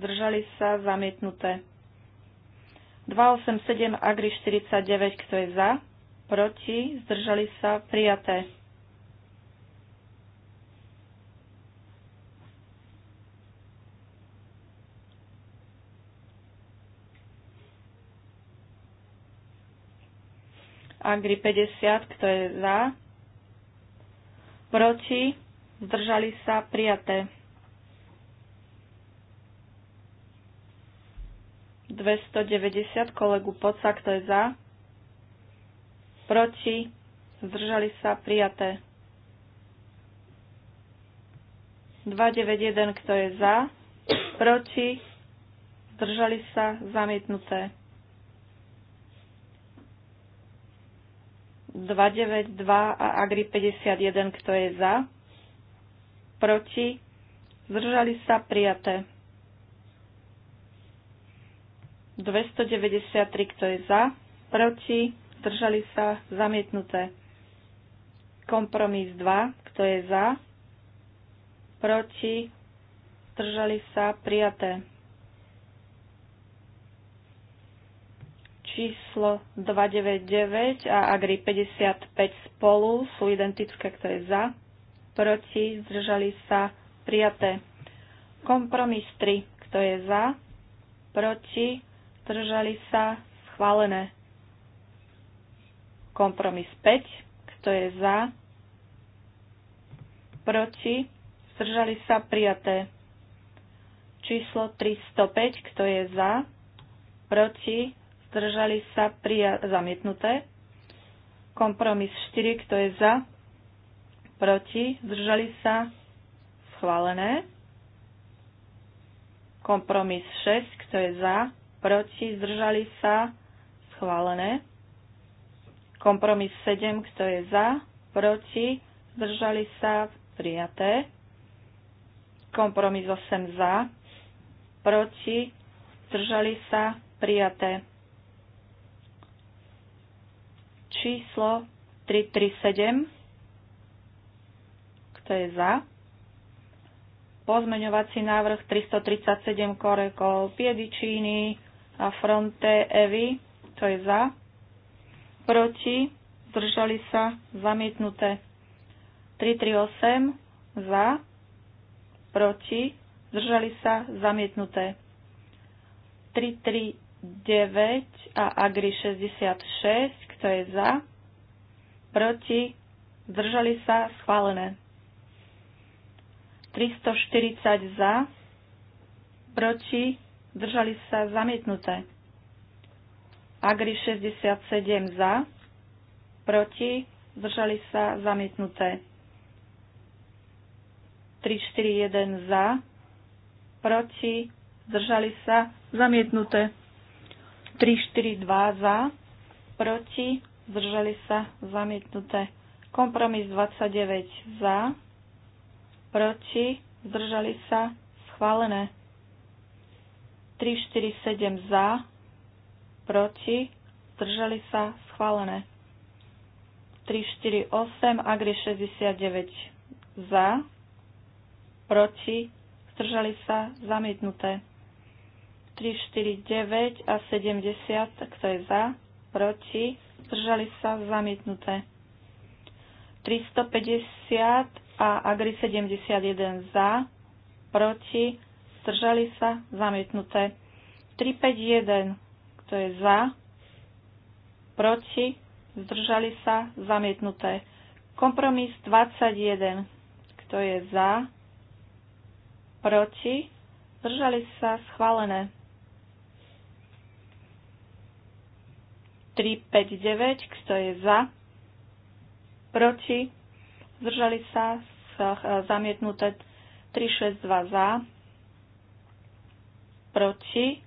držali sa, zamietnuté. 287 Agri 49, kto je za, proti, zdržali sa, prijaté. Agri 50, kto je za, proti, zdržali sa, prijaté. 290 kolegu Poca, kto je za, proti, zdržali sa, prijaté. 291, kto je za, proti, zdržali sa, zamietnuté. 292 a Agri 51, kto je za, proti, zdržali sa, prijaté. 293, kto je za, proti, zdržali sa, zamietnuté. Kompromis 2, kto je za, proti, držali sa, prijaté. Číslo 299 a Agri 55 spolu sú identické, kto je za, proti, zdržali sa, prijaté. Kompromis 3, kto je za, proti, zdržali sa, schválené. Kompromis 5, kto je za, proti, zdržali sa, prijaté. Číslo 305, kto je za, proti, zdržali sa, prija- zamietnuté. Kompromis 4, kto je za, proti, zdržali sa, schválené. Kompromis 6, kto je za, proti, zdržali sa, schválené. Kompromis 7, kto je za, proti, zdržali sa, prijaté. Kompromis 8 za, proti, zdržali sa, prijaté. Číslo 337, kto je za, pozmeňovací návrh 337 Korekol Piedičíny, a fronte Evy, to je za, proti, zdržali sa, zamietnuté. 338 za, proti, zdržali sa, zamietnuté. 339 a Agri 66, kto je za, proti, zdržali sa, schválené. 340 za, proti, Zdržali sa zamietnuté. Agri 67 za. Proti. Zdržali sa zamietnuté. 341 za. Proti. Zdržali sa zamietnuté. 342 za. Proti. Zdržali sa zamietnuté. Kompromis 29 za. Proti. Zdržali sa schválené. 7 za, proti, zdržali sa, schválené. 8, Agri 69 za, proti, zdržali sa, zamietnuté. 9 a 70, kto je za, proti, zdržali sa, zamietnuté. 350 a Agri 71 za, proti, zdržali sa, zamietnuté. 351, kto je za, proti, zdržali sa, zamietnuté. Kompromis 21, kto je za, proti, zdržali sa, schválené. 359, kto je za, proti, zdržali sa, e, zamietnuté 362 za, proti,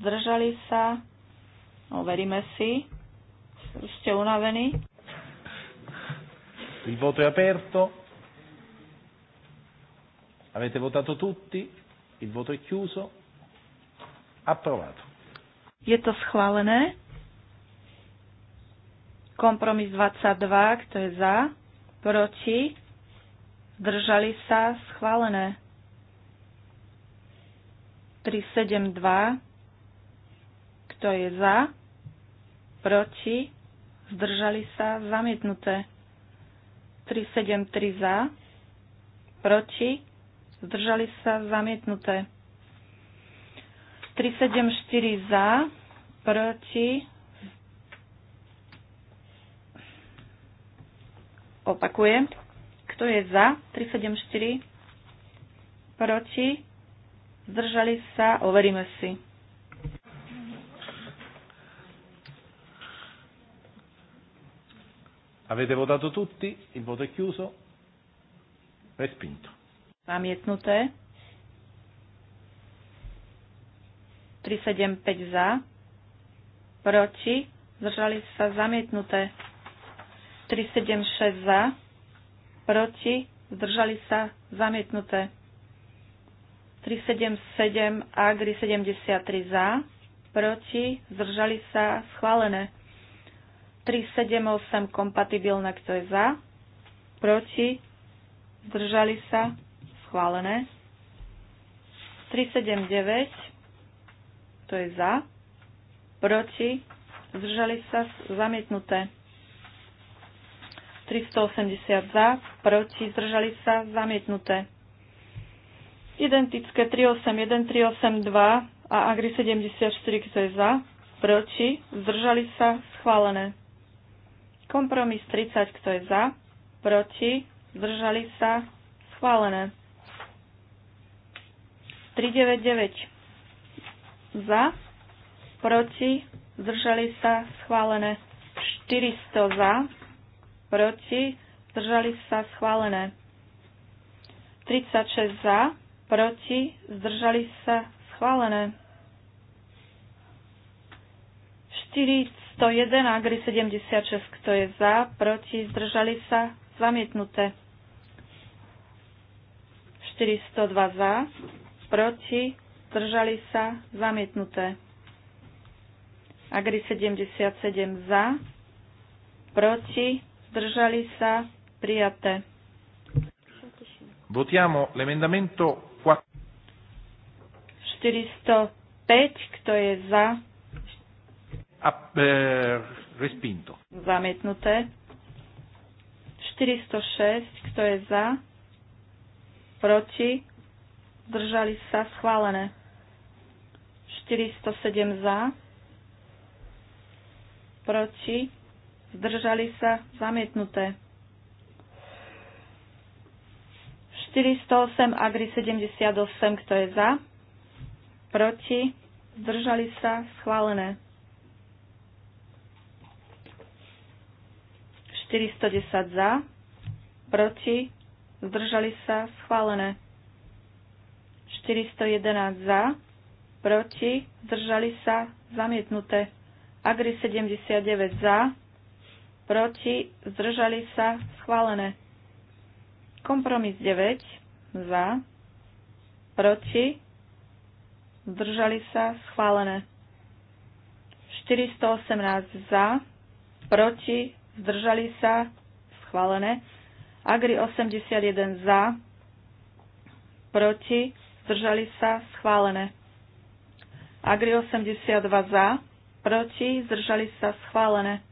zdržali sa, overíme no, si, ste unavení. Il voto è aperto. Avete votato tutti? Il voto è chiuso. Approvato. Je to schválené. Kompromis 22, kto je za, proti, zdržali sa, schválené. 372. Kto je za? Proti? Zdržali sa? Zamietnuté. 373 za? Proti? Zdržali sa? Zamietnuté. 374 za? Proti? Opakujem. Kto je za? 374. Proti? Zdržali sa? Overíme si. Avete votato tutti? Il voto è chiuso? Respinto. Zamietnuté. 375 za. Proti. Zdržali sa zamietnuté. 376 za. Proti. Zdržali sa zamietnuté. 377 Agri 73 za, proti, zdržali sa, schválené. 378 kompatibilné, kto je za, proti, zdržali sa, schválené. 379, to je za, proti, zdržali sa, zamietnuté. 380 za, proti, zdržali sa, zamietnuté. Identické 381, 382 a Agri 74, kto je za, proti, zdržali sa, schválené. Kompromis 30, kto je za, proti, zdržali sa, schválené. 399 za, proti, zdržali sa, schválené. 400 za, proti, zdržali sa, schválené. 36 za, proti, zdržali sa, schválené. 401 Agri 76, kto je za, proti, zdržali sa, zamietnuté. 402 za, proti, zdržali sa, zamietnuté. Agri 77 za, proti, zdržali sa, prijaté. Votiamo l'emendamento 405, kto je za? A, e, respinto. Zamietnuté. 406, kto je za? Proti? držali sa? Schválené. 407 za? Proti? Zdržali sa? Zamietnuté. 408 Agri 78, kto je za? proti, zdržali sa, schválené. 410 za, proti, zdržali sa, schválené. 411 za, proti, zdržali sa, zamietnuté. Agri 79 za, proti, zdržali sa, schválené. Kompromis 9 za, proti, zdržali sa, schválené. 418 za, proti, zdržali sa, schválené. Agri 81 za, proti, zdržali sa, schválené. Agri 82 za, proti, zdržali sa, schválené.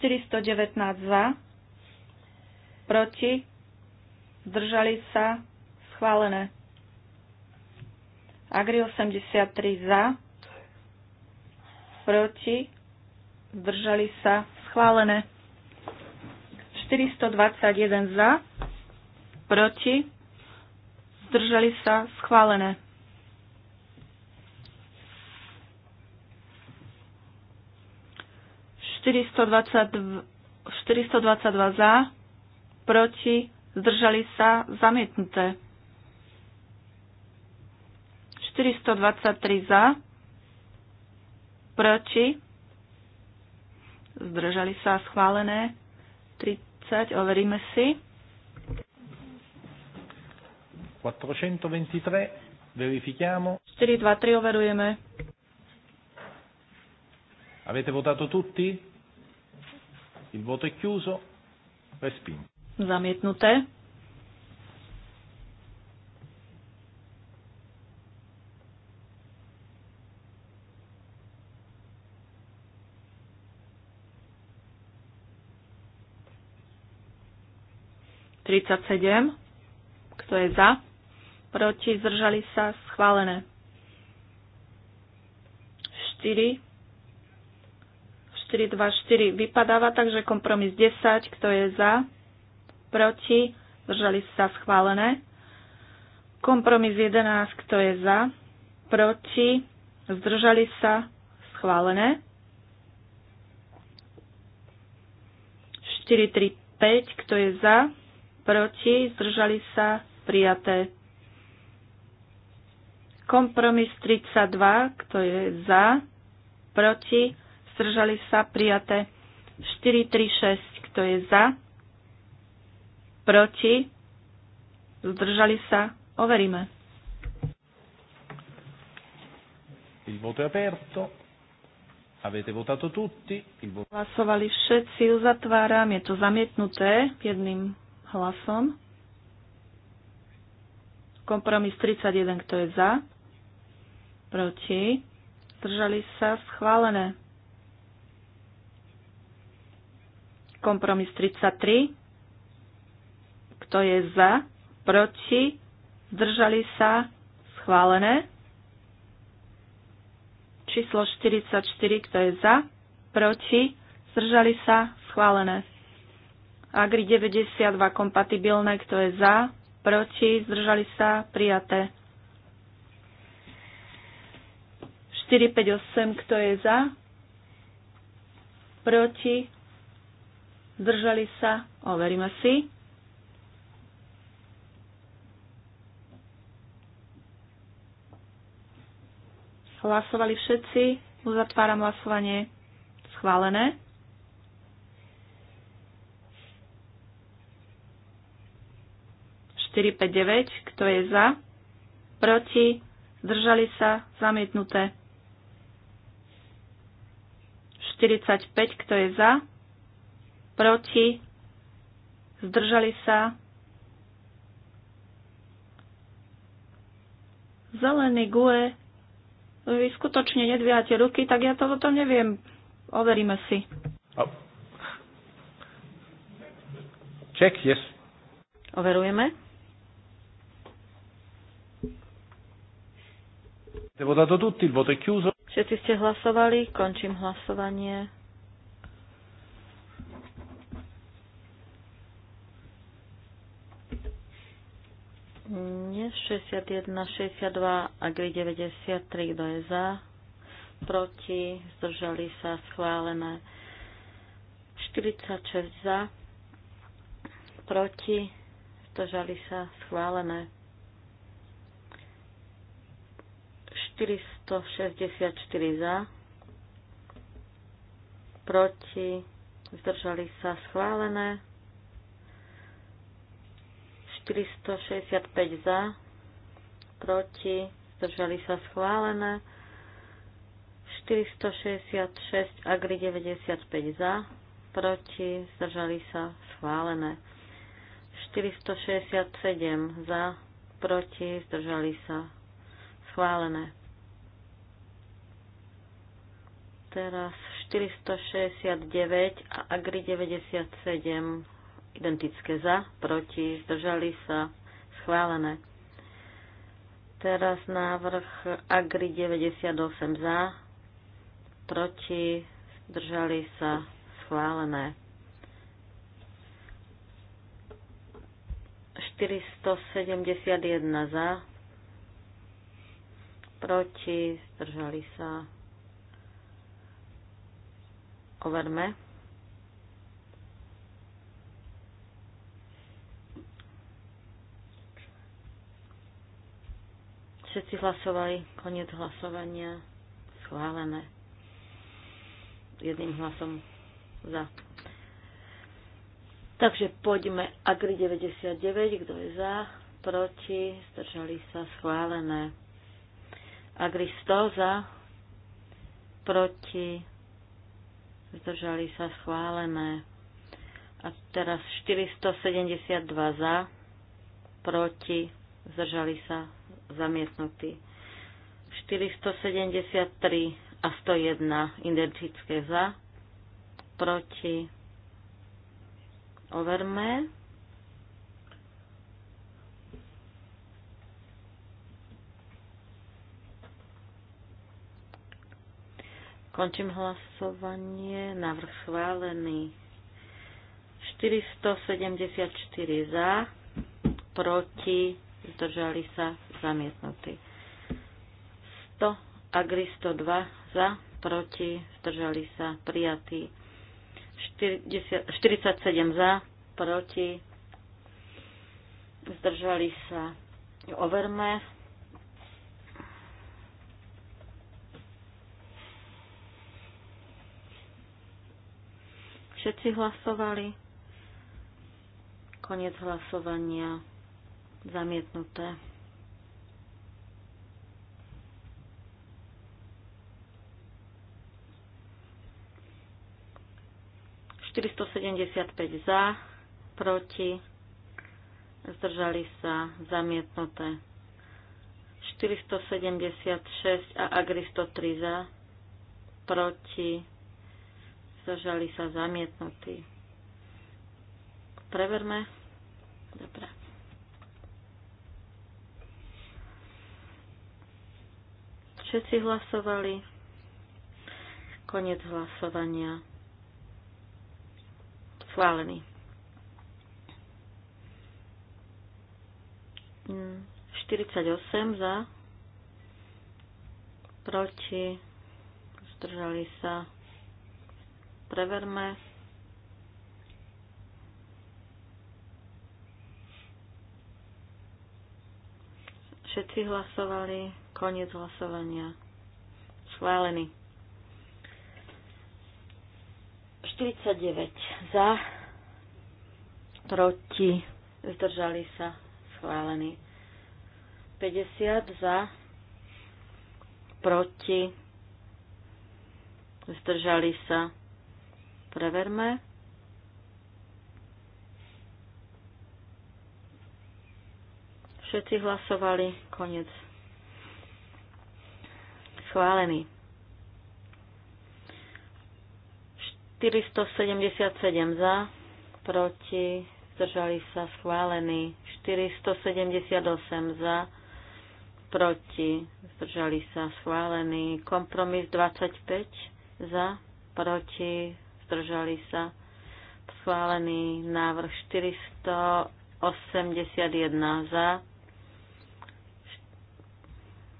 419 za, proti, zdržali sa, schválené. Agri 83 za, proti, zdržali sa, schválené. 421 za, proti, zdržali sa, schválené. Štyristo dvadsaťdva za, proti, zdržali sa, zamietnuté. 423 za, proti, zdržali sa schválené, 30, overíme si. 423, verifichiamo. 423 overujeme. Avete votato tutti? Il voto è chiuso. Respinto. Zamietnuté. 37. Kto je za? Proti? Zdržali sa? Schválené. 4. 4, 2, 4 vypadáva, takže kompromis 10. Kto je za? Proti? Zdržali sa? Schválené. Kompromis 11. Kto je za? Proti? Zdržali sa? Schválené. 4, 3, 5. Kto je za? proti, zdržali sa, prijaté. Kompromis 32, kto je za, proti, zdržali sa, prijaté. 436, kto je za, proti, zdržali sa, overíme. Il voto è aperto. Avete votato tutti. Il voto... Hlasovali všetci, uzatváram, je to zamietnuté jedným hlasom. Kompromis 31, kto je za? Proti? Zdržali sa? Schválené. Kompromis 33. Kto je za? Proti? Zdržali sa? Schválené. Číslo 44. Kto je za? Proti? Zdržali sa? Schválené. Agri 92 kompatibilné, kto je za, proti, zdržali sa, prijaté. 458, kto je za, proti, zdržali sa, overíme si. Hlasovali všetci, uzatváram hlasovanie, schválené. 459, kto je za, proti, zdržali sa, zamietnuté. 45, kto je za, proti, zdržali sa. Zelený GUE, vy skutočne nedvíjate ruky, tak ja to o tom neviem. Overíme si. Oh. Check, yes. Overujeme. Všetci ste hlasovali, končím hlasovanie. Nie, 61, 62, agri 93, kto je za, proti, zdržali sa, schválené. 46 za, proti, zdržali sa, schválené. 464 za, proti, zdržali sa schválené, 465 za, proti, zdržali sa schválené, 466 agri 95 za, proti, zdržali sa schválené, 467 za, proti, zdržali sa schválené. Teraz 469 a Agri 97 identické za, proti, zdržali sa, schválené. Teraz návrh Agri 98 za, proti, zdržali sa, schválené. 471 za, proti, zdržali sa, Overme. Všetci hlasovali. Koniec hlasovania. Schválené. Jedným hlasom za. Takže poďme Agri 99, kto je za, proti, zdržali sa, schválené. Agri 100 za, proti, zdržali sa schválené. A teraz 472 za, proti, zdržali sa zamietnutí. 473 a 101 identické za, proti, overme. Končím hlasovanie. Návrh schválený. 474 za, proti, zdržali sa, zamietnutí. 100, Agri 102 za, proti, zdržali sa, prijatí. 47 za, proti, zdržali sa, overme, Všetci hlasovali. Konec hlasovania. Zamietnuté. 475 sedemdesiat päť za, proti, zdržali sa, zamietnuté. 476 a Agri 103 za, proti, zdržali sa zamietnutí. Preverme. Dobre. Všetci hlasovali. Konec hlasovania. Schválený. 48 mm, za, proti, zdržali sa preverme. Všetci hlasovali. Koniec hlasovania. Schválený. 49 za, proti, zdržali sa, schválený. 50 za, proti, zdržali sa, Preverme. Všetci hlasovali. Koniec. Schválený. 477 za, proti, zdržali sa schválení. 478 za, proti, zdržali sa schválení. Kompromis 25 za, proti, zdržali sa, schválený návrh 481 za,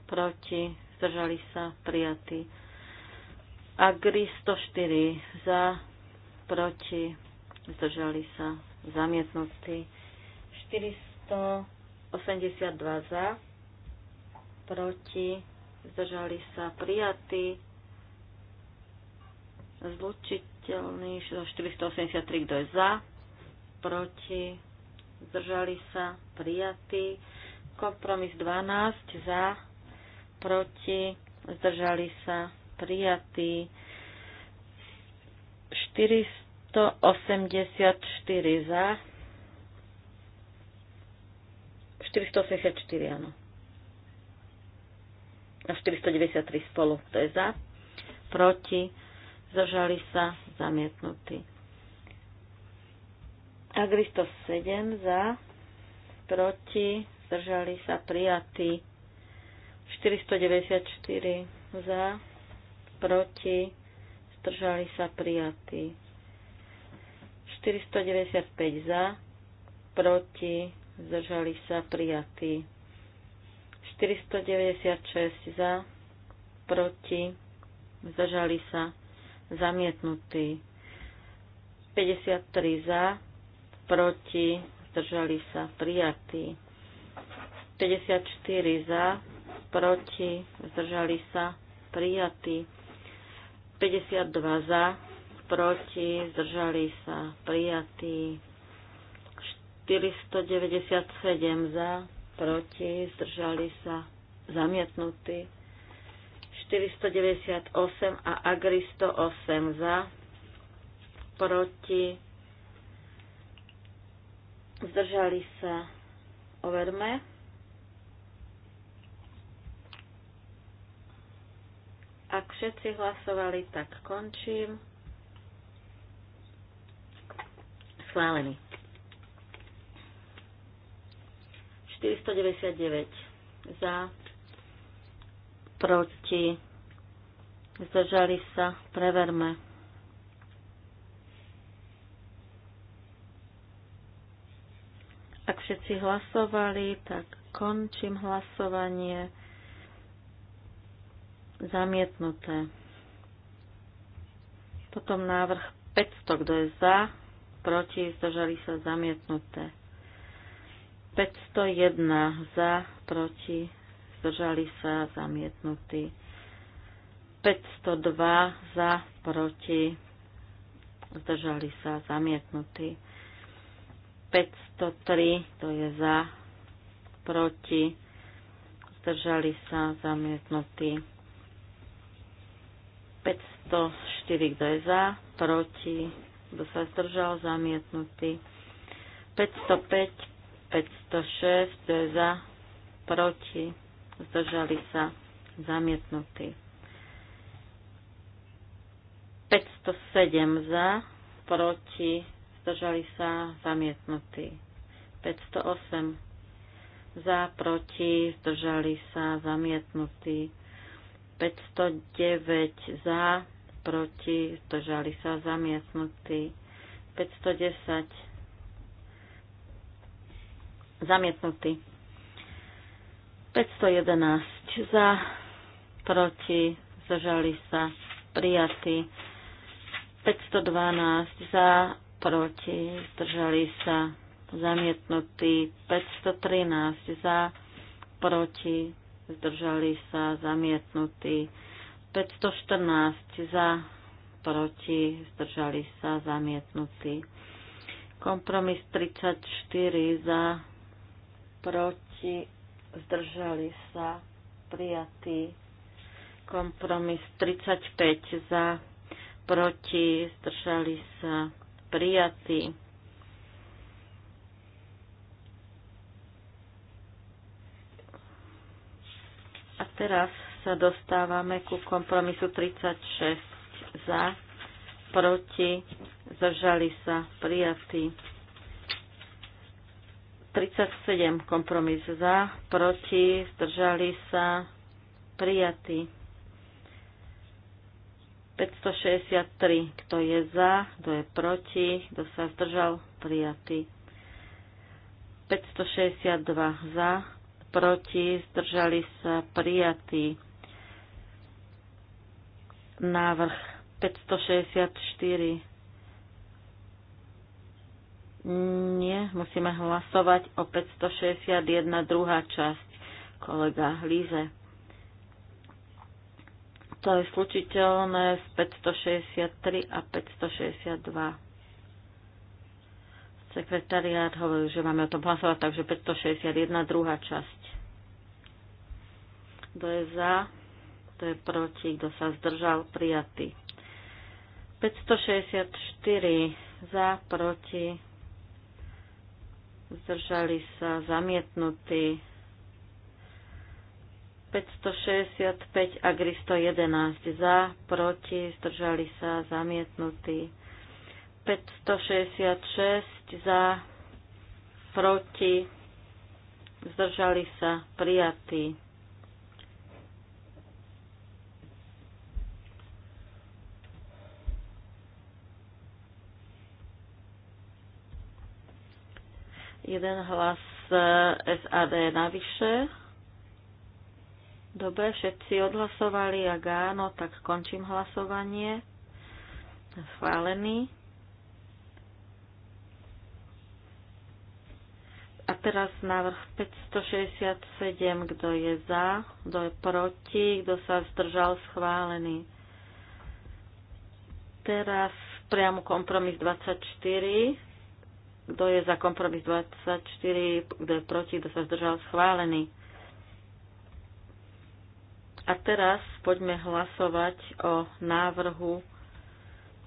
proti, zdržali sa, prijatý. Agri 104 za, proti, zdržali sa, zamietnutý. 482 za, proti, zdržali sa, prijatý. Zlučiť Hlasiteľný 483, kto je za, proti, zdržali sa, prijatý. Kompromis 12, za, proti, zdržali sa, prijatý. 484 za, 484, áno. A 493 spolu, to je za, proti, zdržali sa, zamietnutý. Agri 107 za, proti, zdržali sa prijatí. 494 za, proti, zdržali sa prijatí. 495 za, proti, zdržali sa prijatí. 496 za, proti, zdržali sa zamietnutý. 53 za, proti, zdržali sa, prijatý. 54 za, proti, zdržali sa, prijatý. 52 za, proti, zdržali sa, prijatý. 497 za, proti, zdržali sa, zamietnutý. 498 a Agri 108 za, proti, zdržali sa, overme. Ak všetci hlasovali, tak končím. Schválený. 499 za, proti, zdržali sa, preverme. Ak všetci hlasovali, tak končím hlasovanie. Zamietnuté. Potom návrh 500, kto je za, proti, zdržali sa, zamietnuté. 501 za, proti, zdržali sa, zamietnutí. 502 za, proti, zdržali sa, zamietnutí. 503, to je za, proti, zdržali sa, zamietnutí. 504, kto je za, proti, kto sa zdržal, zamietnutý. 505, 506, kto je za, proti, zdržali sa zamietnutí. 507 za, proti, zdržali sa zamietnutí. 508 za, proti, zdržali sa zamietnutí. 509 za, proti, zdržali sa zamietnutí. 510 zamietnutí. 511 za, proti, zdržali sa, prijatí. 512 za, proti, zdržali sa, zamietnutí. 513 za, proti, zdržali sa, zamietnutí. 514 za, proti, zdržali sa, zamietnutí. Kompromis 34 za, proti, zdržali sa, prijatý. Kompromis 35 za, proti, zdržali sa, prijatý. A teraz sa dostávame ku kompromisu 36 za, proti, zdržali sa, prijatý. 37 kompromis za, proti, zdržali sa, prijatí. 563, kto je za, kto je proti, kto sa zdržal, prijatý. 562 za, proti, zdržali sa, prijatý. Návrh 564 nie, musíme hlasovať o 561, druhá časť, kolega Líze. To je slučiteľné z 563 a 562. Sekretariát hovoril, že máme o tom hlasovať, takže 561, druhá časť. Kto je za, kto je proti, kto sa zdržal, prijatý. 564 za, proti, zdržali sa zamietnutí 565 a 311 za, proti, zdržali sa zamietnutí 566 za, proti, zdržali sa prijatí Jeden hlas e, SAD navyše. Dobre, všetci odhlasovali, ak áno, tak končím hlasovanie. Schválený. A teraz návrh 567, kto je za, kto je proti, kto sa zdržal schválený. Teraz priamo kompromis 24, kto je za kompromis 24? Kto je proti? Kto sa zdržal? Schválený. A teraz poďme hlasovať o návrhu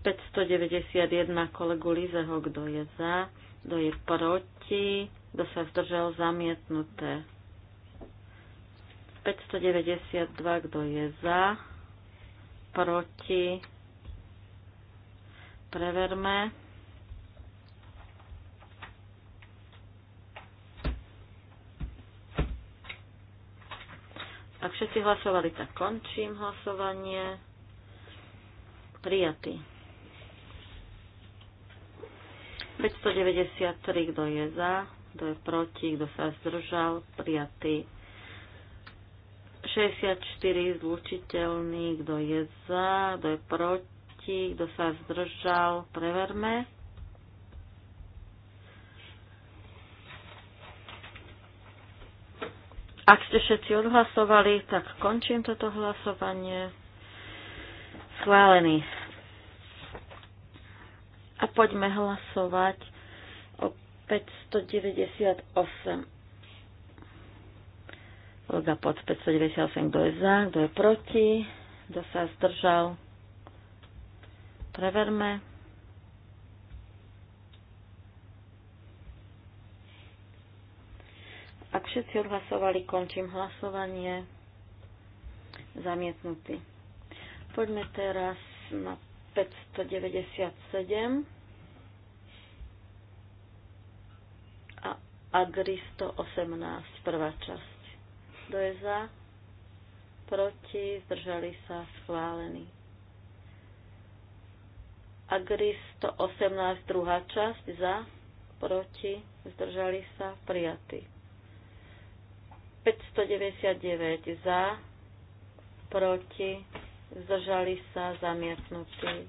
591 kolegu Lizeho. Kto je za? Kto je proti? Kto sa zdržal? Zamietnuté. 592. Kto je za? Proti? Preverme. Ak všetci hlasovali, tak končím hlasovanie. Prijatý. 593, kto je za, kto je proti, kto sa zdržal, prijatý. 64 zlučiteľný, kto je za, kto je proti, kto sa zdržal, preverme. Ak ste všetci odhlasovali, tak končím toto hlasovanie. Schválený. A poďme hlasovať o 598. Loga pod 598, kto je za, kto je proti, kto sa zdržal. Preverme. Všetci odhlasovali, končím hlasovanie. Zamietnutý. Poďme teraz na 597 a Agri 118, prvá časť. Kto je za? Proti? Zdržali sa? Schválený. Agri 118, druhá časť, za, proti, zdržali sa, prijatý. 599 za, proti, zdržali sa, zamietnutí.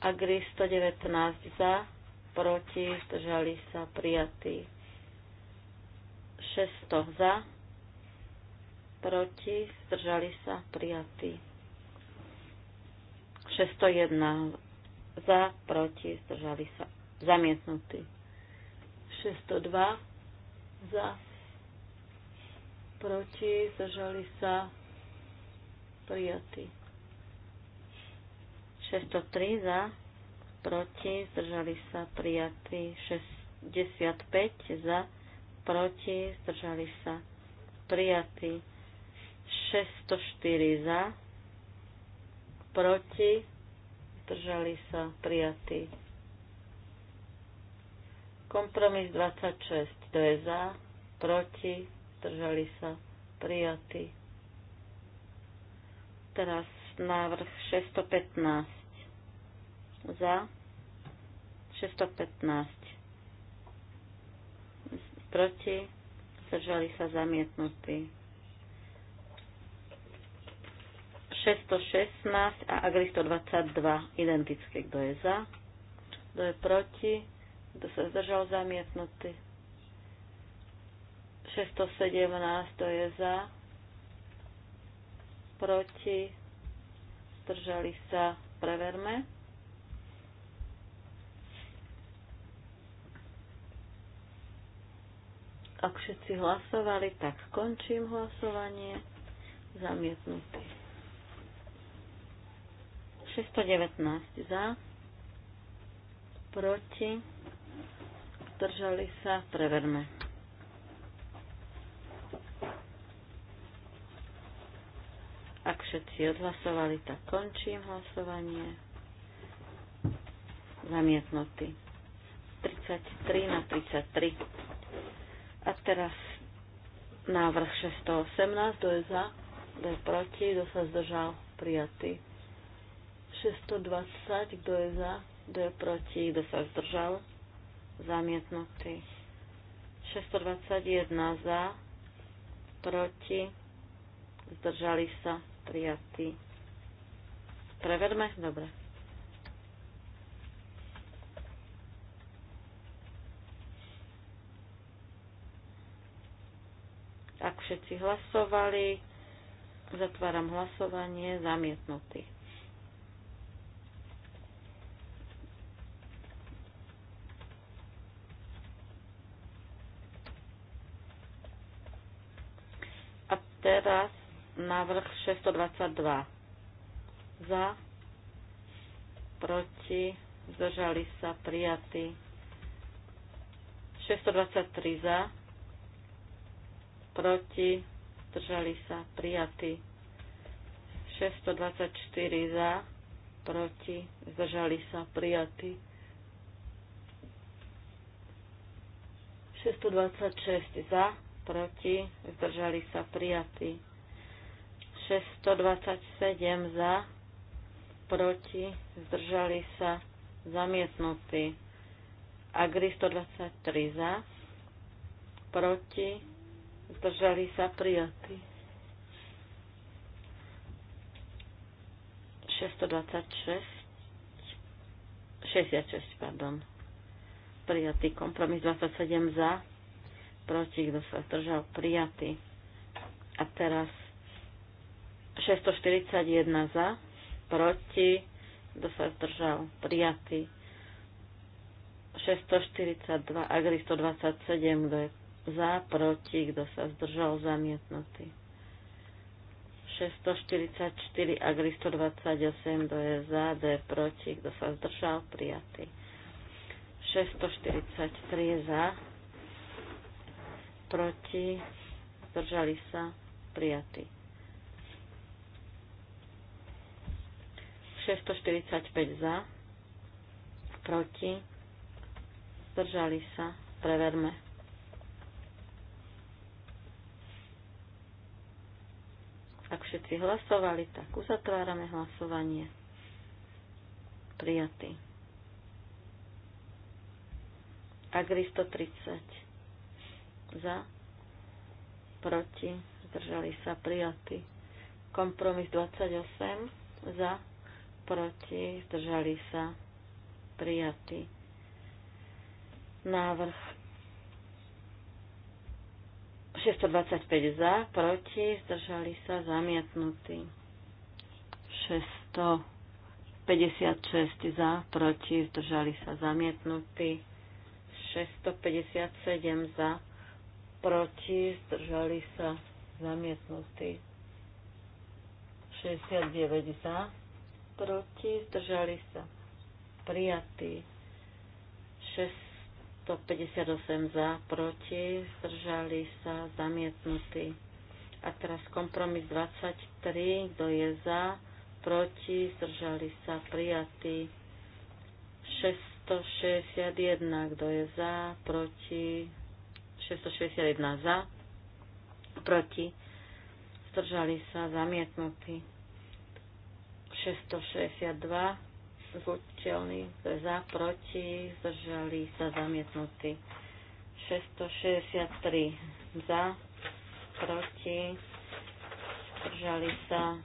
Agri 119 za, proti, zdržali sa, prijatí. 600 za, proti, zdržali sa, prijatí. 601 za, proti, zdržali sa, zamietnutí. 602 za, proti, zdržali sa prijatí. 603 za, proti, zdržali sa prijatí. 65 za, proti, zdržali sa prijatí. 604 za, proti, zdržali sa prijatí. Kompromis 26, to je za, proti, Držali sa, prijatí. Teraz návrh 615. Za 615. Proti, zdržali sa zamietnutí. 616 a Agri 122 identické. Kto je za? Kto je proti? Kto sa zdržal zamietnutý? 617, to je za, proti, zdržali sa, preverme. Ak všetci hlasovali, tak končím hlasovanie. Zamietnutý. 619 za, proti, zdržali sa, preverme. všetci odhlasovali, tak končím hlasovanie. Zamietnutý. 33 na 33. A teraz návrh 618, kto je za, kto je proti, kto sa zdržal, prijatý. 620, kto je za, kto je proti, kto sa zdržal, zamietnutý. 621 za, proti, zdržali sa, prijatý. Preverme? Dobre. Ak všetci hlasovali, zatváram hlasovanie, zamietnutý. teraz Návrh 622. Za, proti, zdržali sa, prijatí. 623 za, proti, zdržali sa, prijatí. 624 za, proti, zdržali sa, prijatí. 626 za, proti, zdržali sa, prijatí. 627 za, proti, zdržali sa, zamietnutí. Agri 123 za, proti, zdržali sa, prijatí. 626, 66, pardon, prijatý kompromis 27 za, proti, kto sa zdržal, prijatý. A teraz 641 za, proti, kto sa zdržal, prijatý. 642, agri 127, kto je za, proti, kto sa zdržal, zamietnutý. 644, agri 128, kto je za, D je proti, kto sa zdržal, prijatý. 643 za, proti, zdržali sa, prijatý. 645 za, proti, zdržali sa, preverme. Ak všetci hlasovali, tak uzatvárame hlasovanie. Prijatý. Agri 130 za, proti, zdržali sa, prijatý. Kompromis 28 za, proti, zdržali sa, prijatý. Návrh 625 za, proti, zdržali sa, zamietnutý. 656 za, proti, zdržali sa, zamietnutý. 657 za, proti, zdržali sa, zamietnutý. 69 za, proti, zdržali sa prijatí. 658 za, proti, zdržali sa zamietnutí. A teraz kompromis 23, kto je za, proti, zdržali sa prijatí. 661, kto je za, proti, 661 za, proti, zdržali sa zamietnutí. 662 zlučiteľný, za, proti, zdržali sa zamietnutí. 663 za, proti, zdržali sa.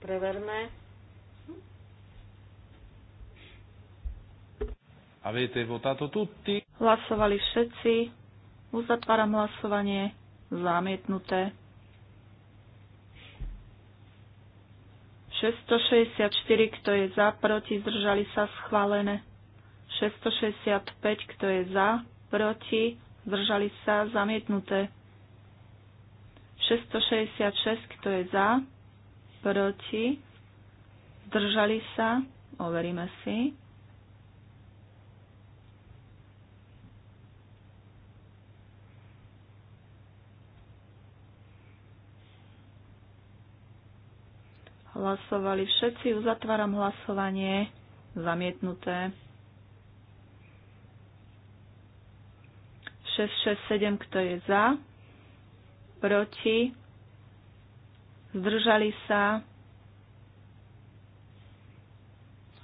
Preverme. A viete, votato tutti? Hlasovali všetci. Uzatváram hlasovanie. Zamietnuté. 664, kto je za, proti, zdržali sa schválené. 665, kto je za, proti, zdržali sa zamietnuté. 666, kto je za, proti, zdržali sa, overíme si. Hlasovali všetci. Uzatváram hlasovanie. Zamietnuté. 667, kto je za? Proti? Zdržali sa?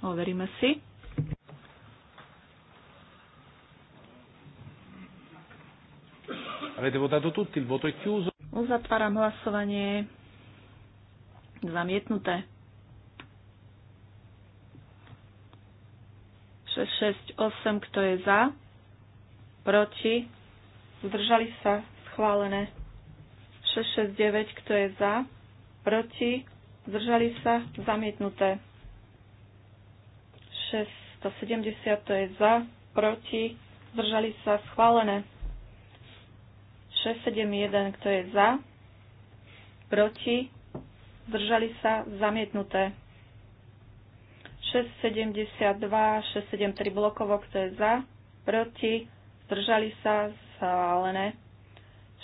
Overíme si. Avete votato tutti, il voto è chiuso. Uzatváram hlasovanie. Zamietnuté. 6, 6, 8, kto je za? Proti? Zdržali sa? Schválené. 6, 6, 9, kto je za? Proti? Zdržali sa? Zamietnuté. 6, 170, to je za? Proti? Zdržali sa? Schválené. 6, 7, 1, kto je za? Proti? Držali sa, zamietnuté. 672, 673 blokovok, to je za, proti, zdržali sa, schválené.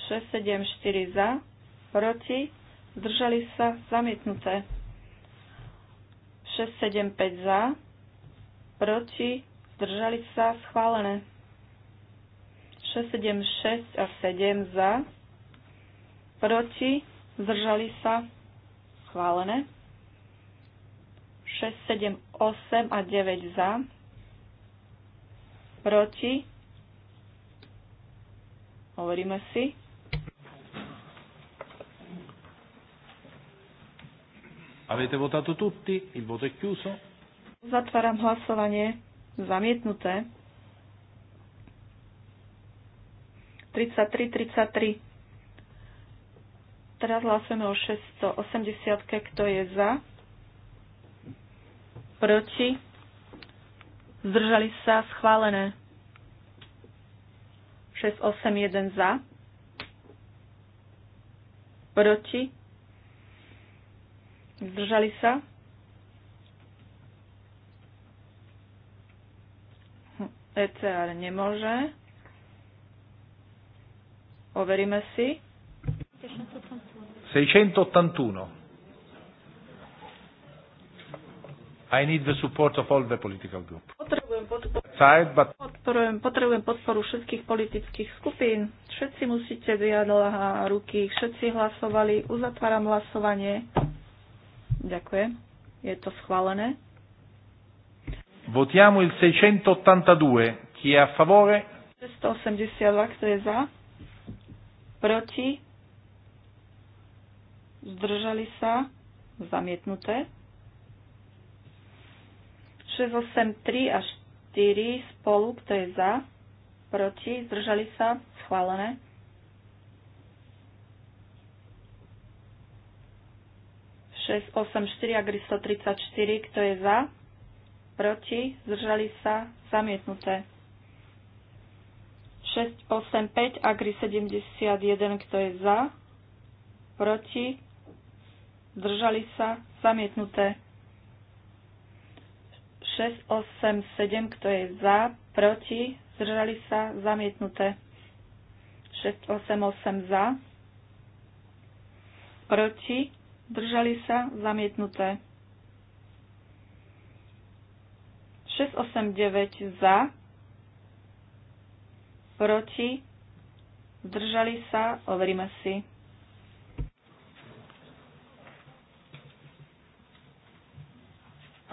674 za, proti, zdržali sa, zamietnuté. 675 za, proti, zdržali sa, schválené. 676 a 7 za, proti, zdržali sa, Schválené. 6, 7, 8 a 9 za. Proti. Hovoríme si. Avete votato tutti? Il voto è chiuso? Zatváram hlasovanie. Zamietnuté. 33, 33. Teraz hlasujeme o 680, kto je za, proti, zdržali sa, schválené. 681 za, proti, zdržali sa. ECR nemôže. Overíme si. 680. 681. I need the support of all the political group. Potrebujem podporu, Side, but... potrebujem, potrebujem podporu všetkých politických skupín. Všetci musíte vyjadlať ruky, všetci hlasovali. Uzatváram hlasovanie. Ďakujem. Je to schválené. Votiamo il 682. Chi è a favore? 682, kto je za? Proti? zdržali sa, zamietnuté. 6, 8, 3 a 4 spolu, kto je za, proti, zdržali sa, schválené. Šesť, osem, štyri, agri 134, kto je za, proti, zdržali sa, zamietnuté. 6, 8, 5, agri 71, kto je za, proti, držali sa, zamietnuté. 6, 8, 7, kto je za, proti, zdržali sa, zamietnuté. 6, 8, 8 za, proti, držali sa, zamietnuté. 6, 8, 9 za, proti, zdržali sa, overíme si.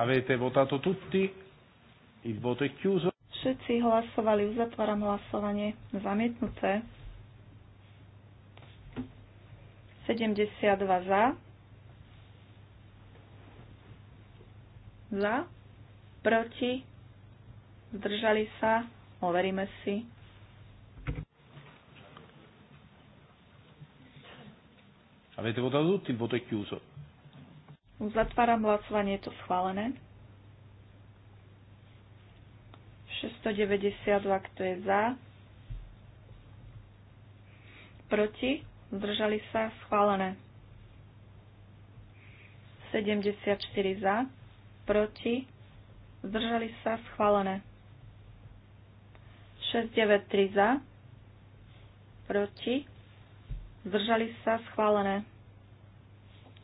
Avete votato tutti? Il voto è chiuso. Všetci hlasovali, uzatváram hlasovanie. Zamietnuté. 72 za. Za. Proti. Zdržali sa. Overíme si. Avete votato tutti, il voto è chiuso. Uzatváram hlasovanie, je to schválené. 692, kto je za? Proti? Zdržali sa? Schválené. 74 za, proti, zdržali sa, schválené. 693 za, proti, zdržali sa, schválené.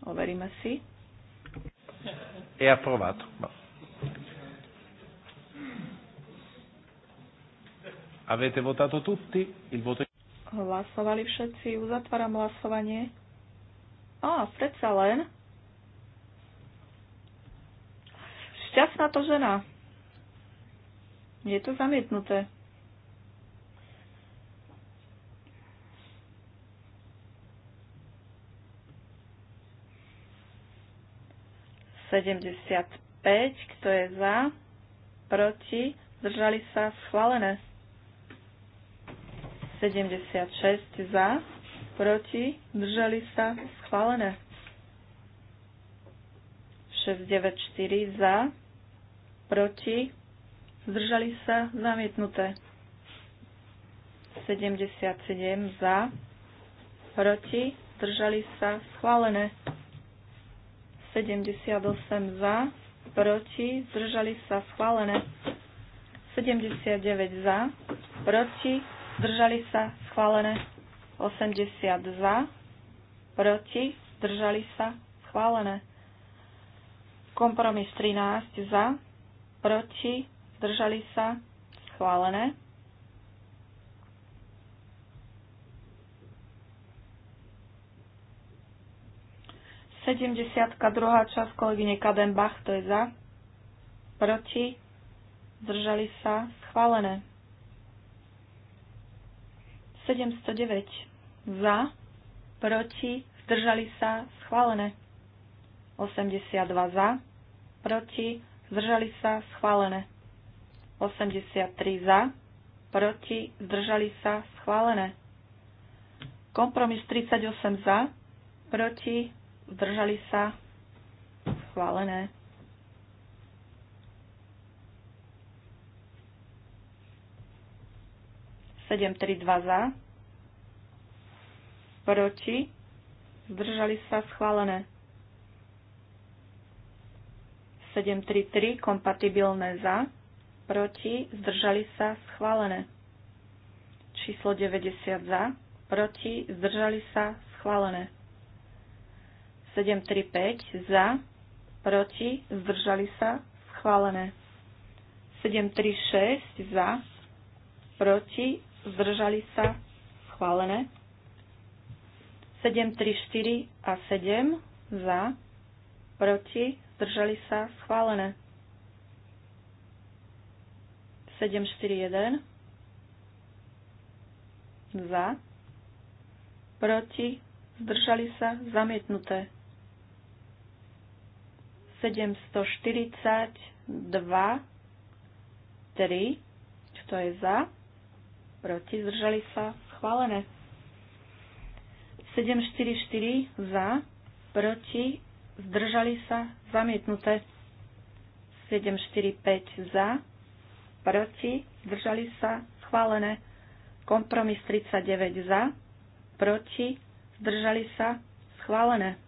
Overíme si. È approvato. No. Avete votato tutti? Il voto... Hlasovali všetci, uzatváram hlasovanie. Á, predsa len. Šťastná to žena. Je to zamietnuté. 75, kto je za, proti, zdržali sa, schválené. 76 za, proti, zdržali sa, schválené. 694 za, proti, zdržali sa, zamietnuté. 77 za, proti, zdržali sa, schválené. 78 za, proti, zdržali sa schválené. 79 za, proti, zdržali sa schválené. 80 za, proti, zdržali sa schválené. Kompromis 13 za, proti, zdržali sa schválené. 70. druhá časť kolegyne Kadenbach, to je za. Proti. Zdržali sa. Schválené. 709. Za. Proti. Zdržali sa. Schválené. 82 za. Proti. Zdržali sa. Schválené. 83 za. Proti. Zdržali sa. Schválené. Kompromis 38 za. Proti Zdržali sa? Schválené. Sedem, tri, dva za. Proti? Zdržali sa? Schválené. 733 kompatibilné za, proti, zdržali sa, schválené. Číslo 90 za, proti, zdržali sa, schválené. 735 za, proti, zdržali sa, schválené. 736 za, proti, zdržali sa, schválené. 734 a 7 za, proti, zdržali sa, schválené. 741 za, proti, zdržali sa, zamietnuté. 742, 3, kto je za, proti, zdržali sa, schválené. 744 za, proti, zdržali sa, zamietnuté. 745 za, proti, zdržali sa, schválené. Kompromis 39 za, proti, zdržali sa, schválené.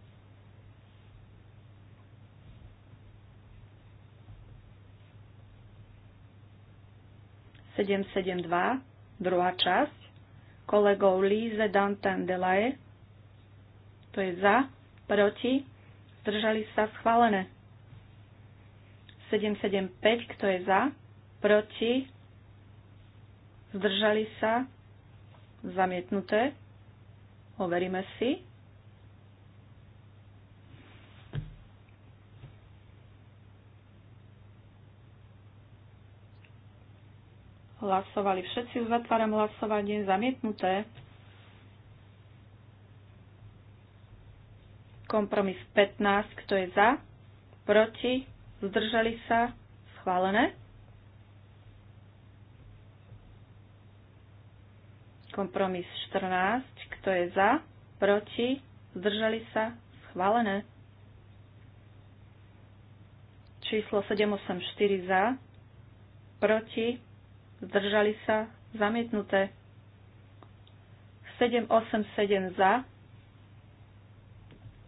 772, druhá časť, kolegov Líze Dantan Delaje. To je za, proti, zdržali sa schválené. 775, kto je za, proti, zdržali sa, zamietnuté. Overíme si. Hlasovali všetci, zatváram hlasovanie, zamietnuté. Kompromis 15, kto je za, proti, zdržali sa, schválené. Kompromis 14, kto je za, proti, zdržali sa, schválené. Číslo 784 za, proti, zdržali sa, zamietnuté. 787 za,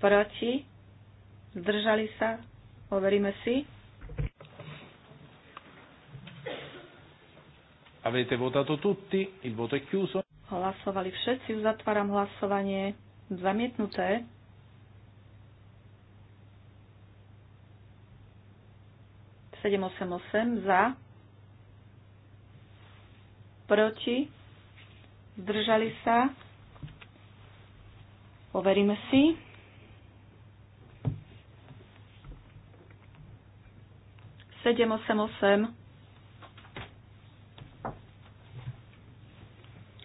proti, zdržali sa, overíme si. Avete votato tutti, il voto è chiuso. Hlasovali všetci, uzatváram hlasovanie zamietnuté. Sedem osem osem za proti, zdržali sa, overíme si. Sedem, osem, osem.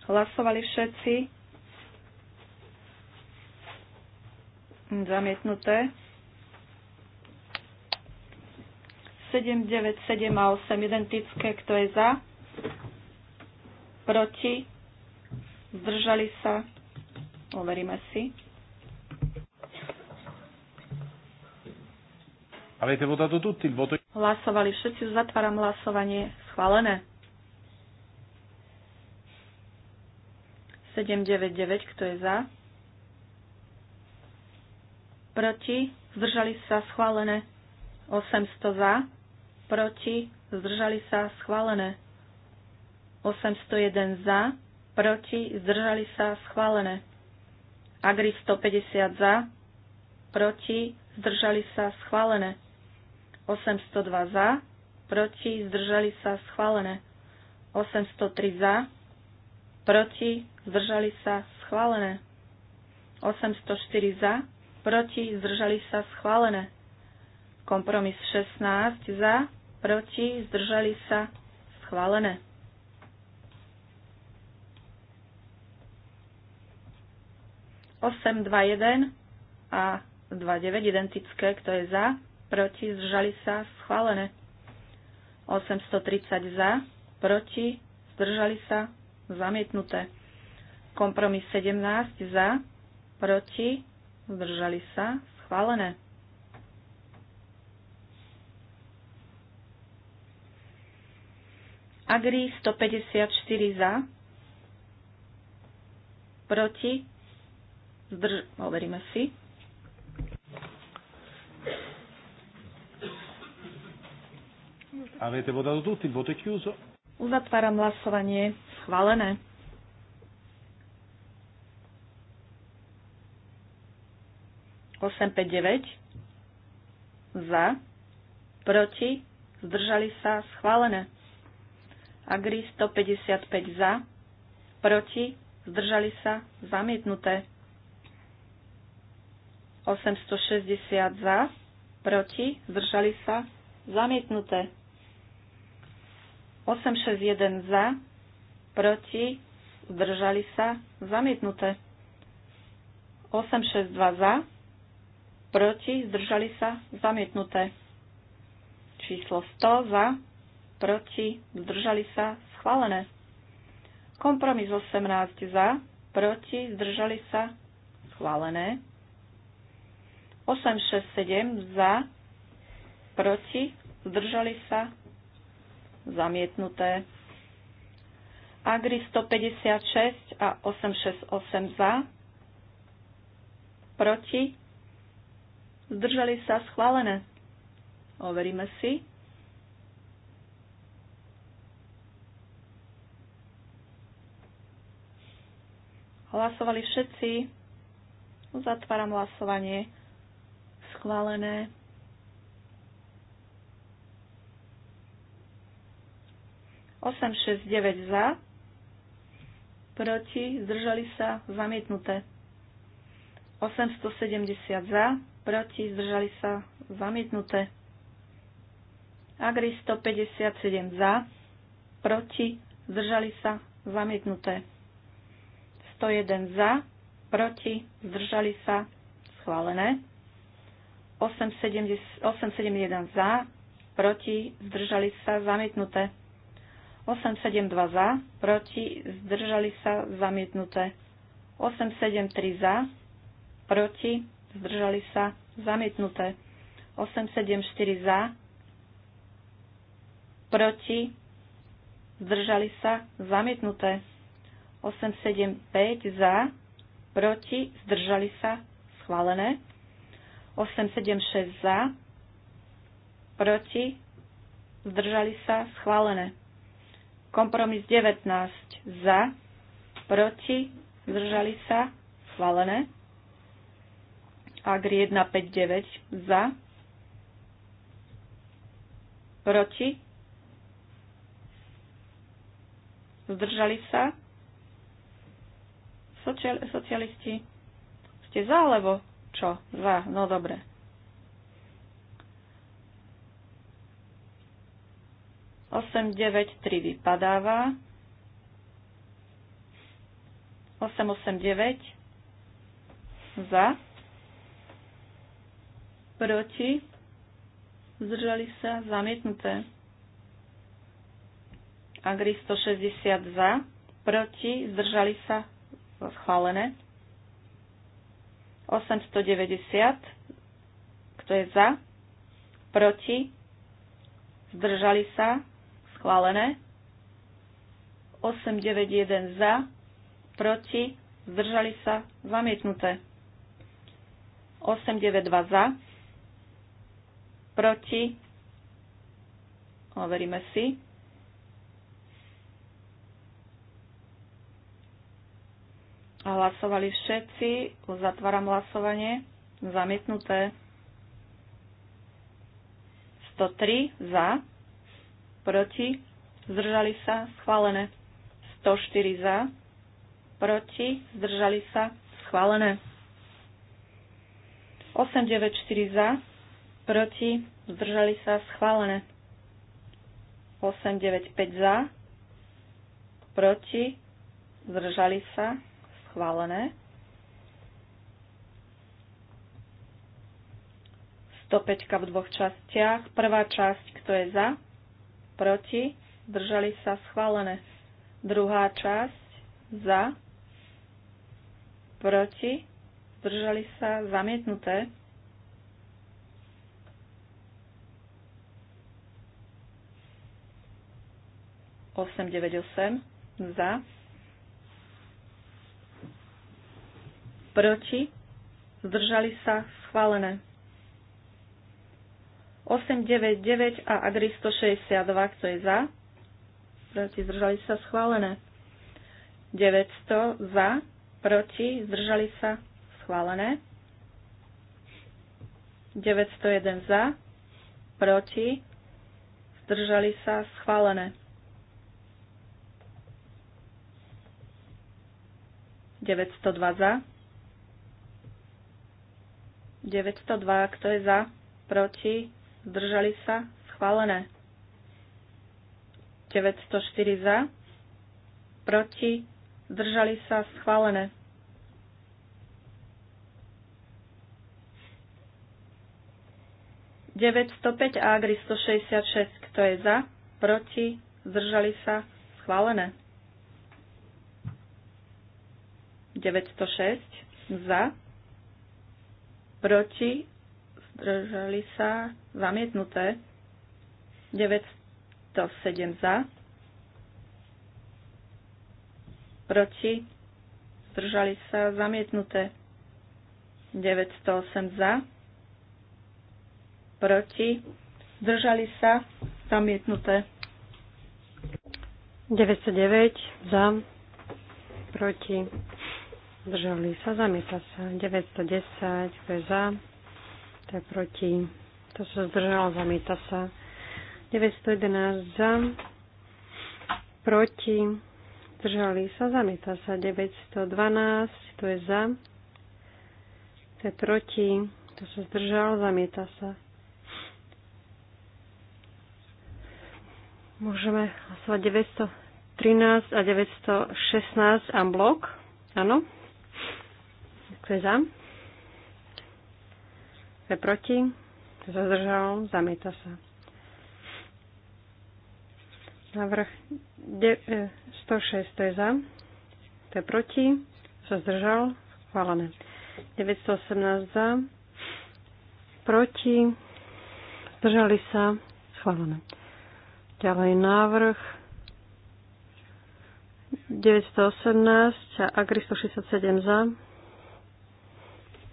Hlasovali všetci. Zamietnuté. 7, 9, 7 a 8 identické. Kto je za? proti, zdržali sa, overíme si. Avete votato tutti il voto? Hlasovali všetci, zatváram hlasovanie, schválené. 799, kto je za? Proti, zdržali sa, schválené. 800 za, proti, zdržali sa, schválené. 801 za, proti, zdržali sa, schválené. Agri 150 za, proti, zdržali sa, schválené. 802 za, proti, zdržali sa, schválené. 803 za, proti, zdržali sa, schválené. 804 za, proti, zdržali sa, schválené. Kompromis 16 za, proti, zdržali sa, schválené. 8, 2, 1 a 2, 9 identické, kto je za, proti, zdržali sa, schválené. 830 za, proti, zdržali sa, zamietnuté. Kompromis 17 za, proti, zdržali sa, schválené. Agri 154 za, proti, Zdrž... Overíme si. A votato voda il voto è chiuso. Uzatváram hlasovanie. Schválené. Osem, päť, deväť. Za. Proti. Zdržali sa. Schválené. Agri 155 za. Proti. Zdržali sa. Zamietnuté. 860 za, proti, zdržali sa, zamietnuté. 861 za, proti, zdržali sa, zamietnuté. 862 za, proti, zdržali sa, zamietnuté. Číslo 100 za, proti, zdržali sa, schválené. Kompromis 18 za, proti, zdržali sa, schválené. 867 za, proti, zdržali sa, zamietnuté. Agri 156 a 868 za, proti, zdržali sa, schválené. Overíme si. Hlasovali všetci. zatváram hlasovanie schválené. Osem, šesť, deväť za, proti, zdržali sa, zamietnuté. 870 za, proti, zdržali sa, zamietnuté. Agri 157 za, proti, zdržali sa, zamietnuté. 101 za, proti, zdržali sa, schválené. 871 za, proti, zdržali sa, zamietnuté. 872 za, proti, zdržali sa, zamietnuté. 873 za, proti, zdržali sa, zamietnuté. 874 za, proti, zdržali sa, zamietnuté. 875 za, proti, zdržali sa, schválené. 876 za, proti, zdržali sa, schválené. Kompromis 19 za, proti, zdržali sa, schválené. Agri 159 za, proti, zdržali sa, Sociali- socialisti, ste za alebo čo? Dva. No dobre. Osem, deväť, tri vypadáva. Osem, osem, deväť. Za. Proti. Zdržali sa. Zamietnuté. Agri 160 za. Proti. Zdržali sa. Schválené. 890. Kto je za? Proti? Zdržali sa? Schválené. 891 za, proti, zdržali sa, zamietnuté. 892 za, proti, overíme si, Hlasovali všetci. Uzatváram hlasovanie. Zamietnuté. 103 za. Proti. Zdržali sa. Schválené. 104 za. Proti. Zdržali sa. Schválené. 894 za. Proti. Zdržali sa. Schválené. 895 za. Proti. Zdržali sa schválené. 105 v dvoch častiach. Prvá časť, kto je za, proti, držali sa schválené. Druhá časť, za, proti, držali sa, zamietnuté. Osem, deväť, osem, za, proti, zdržali sa, schválené. 899 a Agri 162, kto je za, proti, zdržali sa, schválené. 900 za, proti, zdržali sa, schválené. 901 za, proti, zdržali sa, schválené. 902 za, 902. Kto je za? Proti? Zdržali sa? Schválené. 904 za. Proti? Zdržali sa? Schválené. ...905 a Agri 166. Kto je za? Proti? Zdržali sa? Schválené. 906. Za proti, zdržali sa, zamietnuté, 907 za, proti, zdržali sa, zamietnuté, 908 za, proti, zdržali sa, zamietnuté. 909 za, proti, zdržali sa, zamieta sa. 910, kto je za, kto je proti, To sa zdržalo, zamieta sa. 911 za, proti, zdržali sa, zamieta sa. 912, to je za, to je proti, to sa zdržalo, zamieta sa. Môžeme hlasovať 913 a 916 a blok, Áno. Kto je za? Kto je proti? Kto sa zdržal? Zamieta sa. Návrh 106. E, kto je za? Kto je proti? Kto sa zdržal? Chválené. 918 za. Proti? Zdržali sa? Chválené. Ďalej návrh 918 a Agri 167 za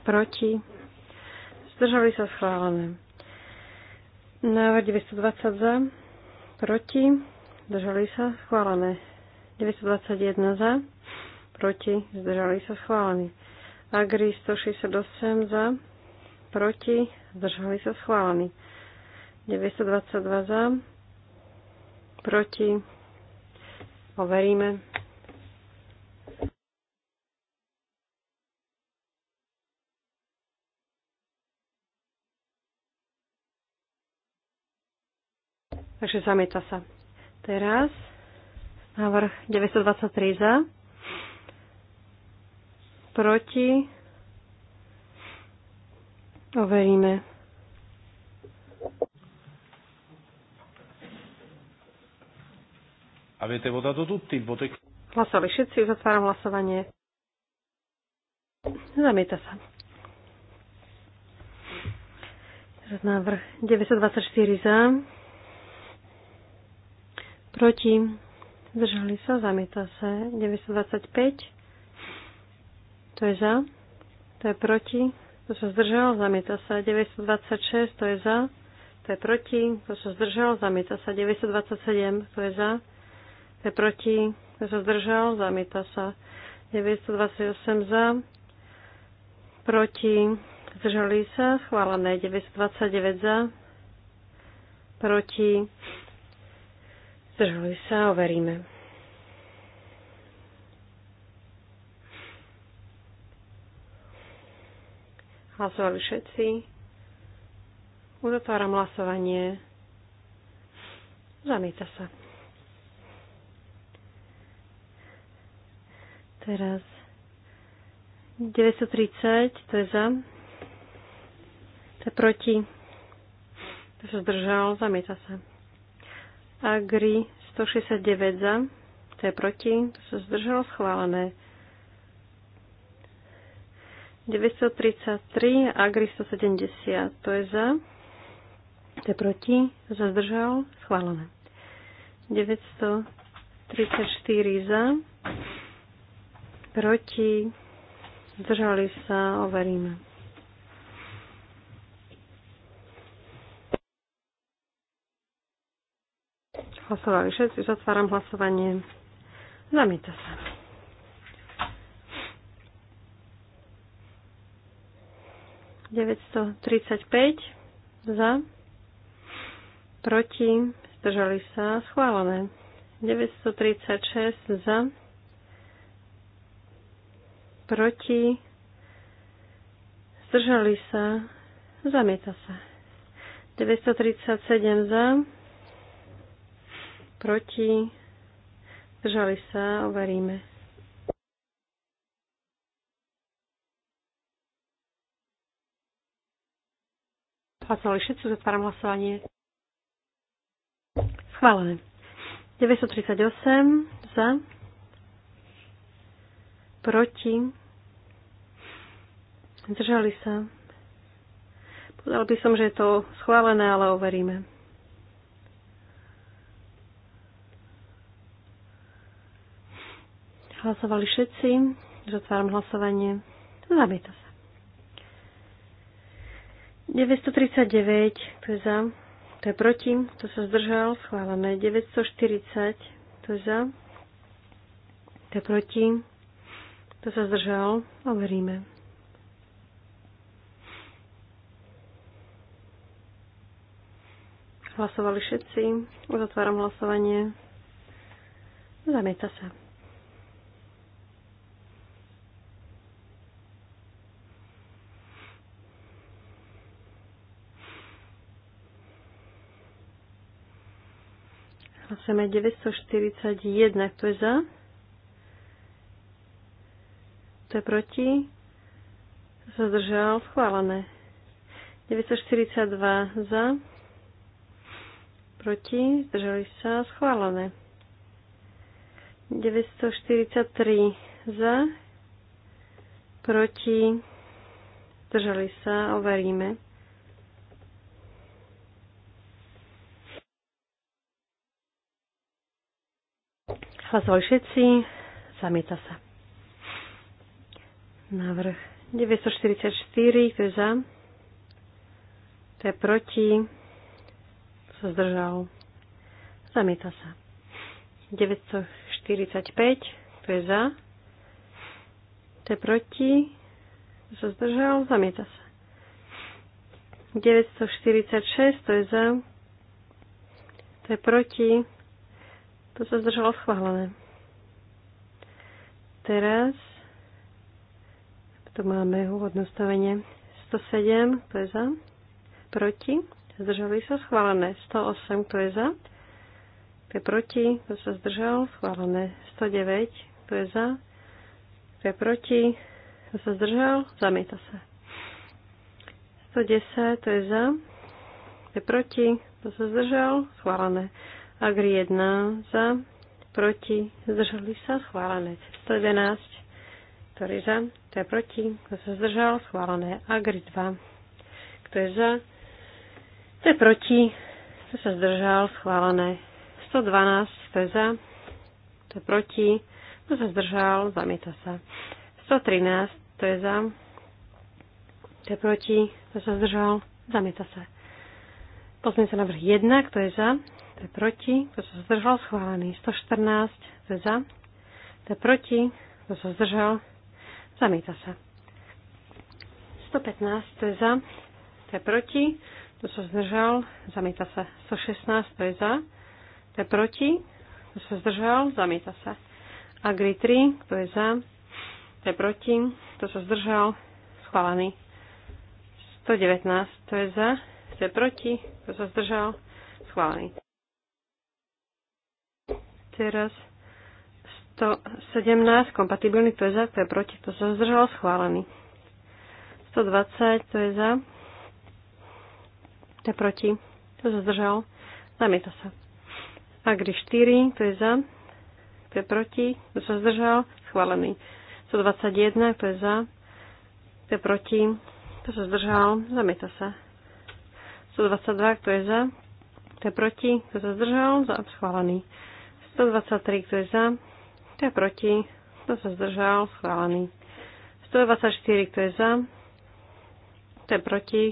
proti, zdržali sa schválené. Návrh 920 za, proti, zdržali sa schválené. 921 za, proti, zdržali sa schválený. Agri 168 za, proti, zdržali sa schválený. 922 za, proti, overíme. Takže zamieta sa. Teraz návrh 923 za. Proti. Overíme. Avete votato tutti il voto? Hlasovali všetci, zatváram hlasovanie. Zamieta sa. Teraz návrh 924 za proti, zdržali sa, zamieta sa. 925, to je za, to je proti, to sa zdržal, zamieta sa. 926, to je za, to je proti, to sa zdržal, zamieta sa. 927, to je za, to je proti, to sa zdržal, zamieta sa. 928 za, proti, zdržali sa, schválené 929 za, proti, Zdrhuj sa, overíme. Hlasovali všetci. Uzatváram hlasovanie. Zamieta sa. Teraz 930, to je za. To je proti. To sa zdržal, zamieta sa. Agri 169 za, to je proti, to sa zdržalo schválené. 933, Agri 170, to je za, to je proti, to sa zdržalo schválené. 934 za, proti, zdržali sa, overíme. Hlasovali všetci, otváram hlasovanie. Zamýta sa. 935 tridsaťpäť za, proti, zdržali sa, schválené. 936 za, proti, zdržali sa, zamieta sa. 937 za, proti, zdržali sa, overíme. Hlasovali všetci, zatváram hlasovanie. Schválené. 938 za, proti, zdržali sa. Povedal by som, že je to schválené, ale overíme. Hlasovali všetci. Zatváram hlasovanie. Zamieta sa. 939, to je za, to je proti, to sa zdržal, schválené. 940, to je za, to je proti, to sa zdržal, overíme. Hlasovali všetci, uzatváram hlasovanie. Zamieta sa. Hlasujeme 941. Kto je za? Kto je proti? Zadržal. Schválené. 942 za. Proti? Zdržali sa? Schválené. 943 za. Proti? Zdržali sa? Overíme. Hlasovali všetci. Zamieta sa. Návrh 944, kto je za? Kto je proti? sa zdržal? Zamieta sa. 945, kto je za? To je proti? sa zdržal? Zamieta sa. 946, to je za, to je proti, to sa zdržalo schválené. Teraz tu máme úvodné stavenie 107, kto je za, proti, zdržali sa, schválené 108, kto je za, kto je proti, kto sa zdržal, schválené 109, kto je za, kto je proti, kto sa zdržal, zamieta sa. 110, to je za, kto je proti, kto sa zdržal, schválené. Agri 1 za, proti, zdržali sa, schválené. 111, kto je za, kto je proti, kto sa zdržal, schválené. Agri 2, kto je za, kto je proti, kto sa zdržal, schválené. 112, kto je za, kto je proti, kto sa zdržal, zamieta sa. 113, kto je za, kto je proti, kto sa zdržal, zamieta sa. Pozmeň sa vrch 1, kto je za, to je proti, kto sa zdržal, schválený. 114, to je za, to je proti, kto sa zdržal, zamieta sa. 115, to je za, to je proti, kto sa zdržal, zamieta sa. 116, to je za, to je proti, kto sa zdržal, zamieta sa. Agri 3, to je za, to je proti, kto sa zdržal, schválený. 119, to je za, to je proti, kto sa zdržal, schválený teraz 117 kompatibilný, to je za, to je proti, to sa zdržalo schválený. 120, to je za, to je proti, to sa zdržalo, zamieta sa. Agri 4, to je za, to je proti, to sa zdržalo, schválený. 121, to je za, to je proti, to sa zdržalo, zamieta sa. 122, to je za, to je proti, to sa za schválený. 123, kto je za, kto je proti, kto sa zdržal, schválený. 124, kto je za, kto je proti,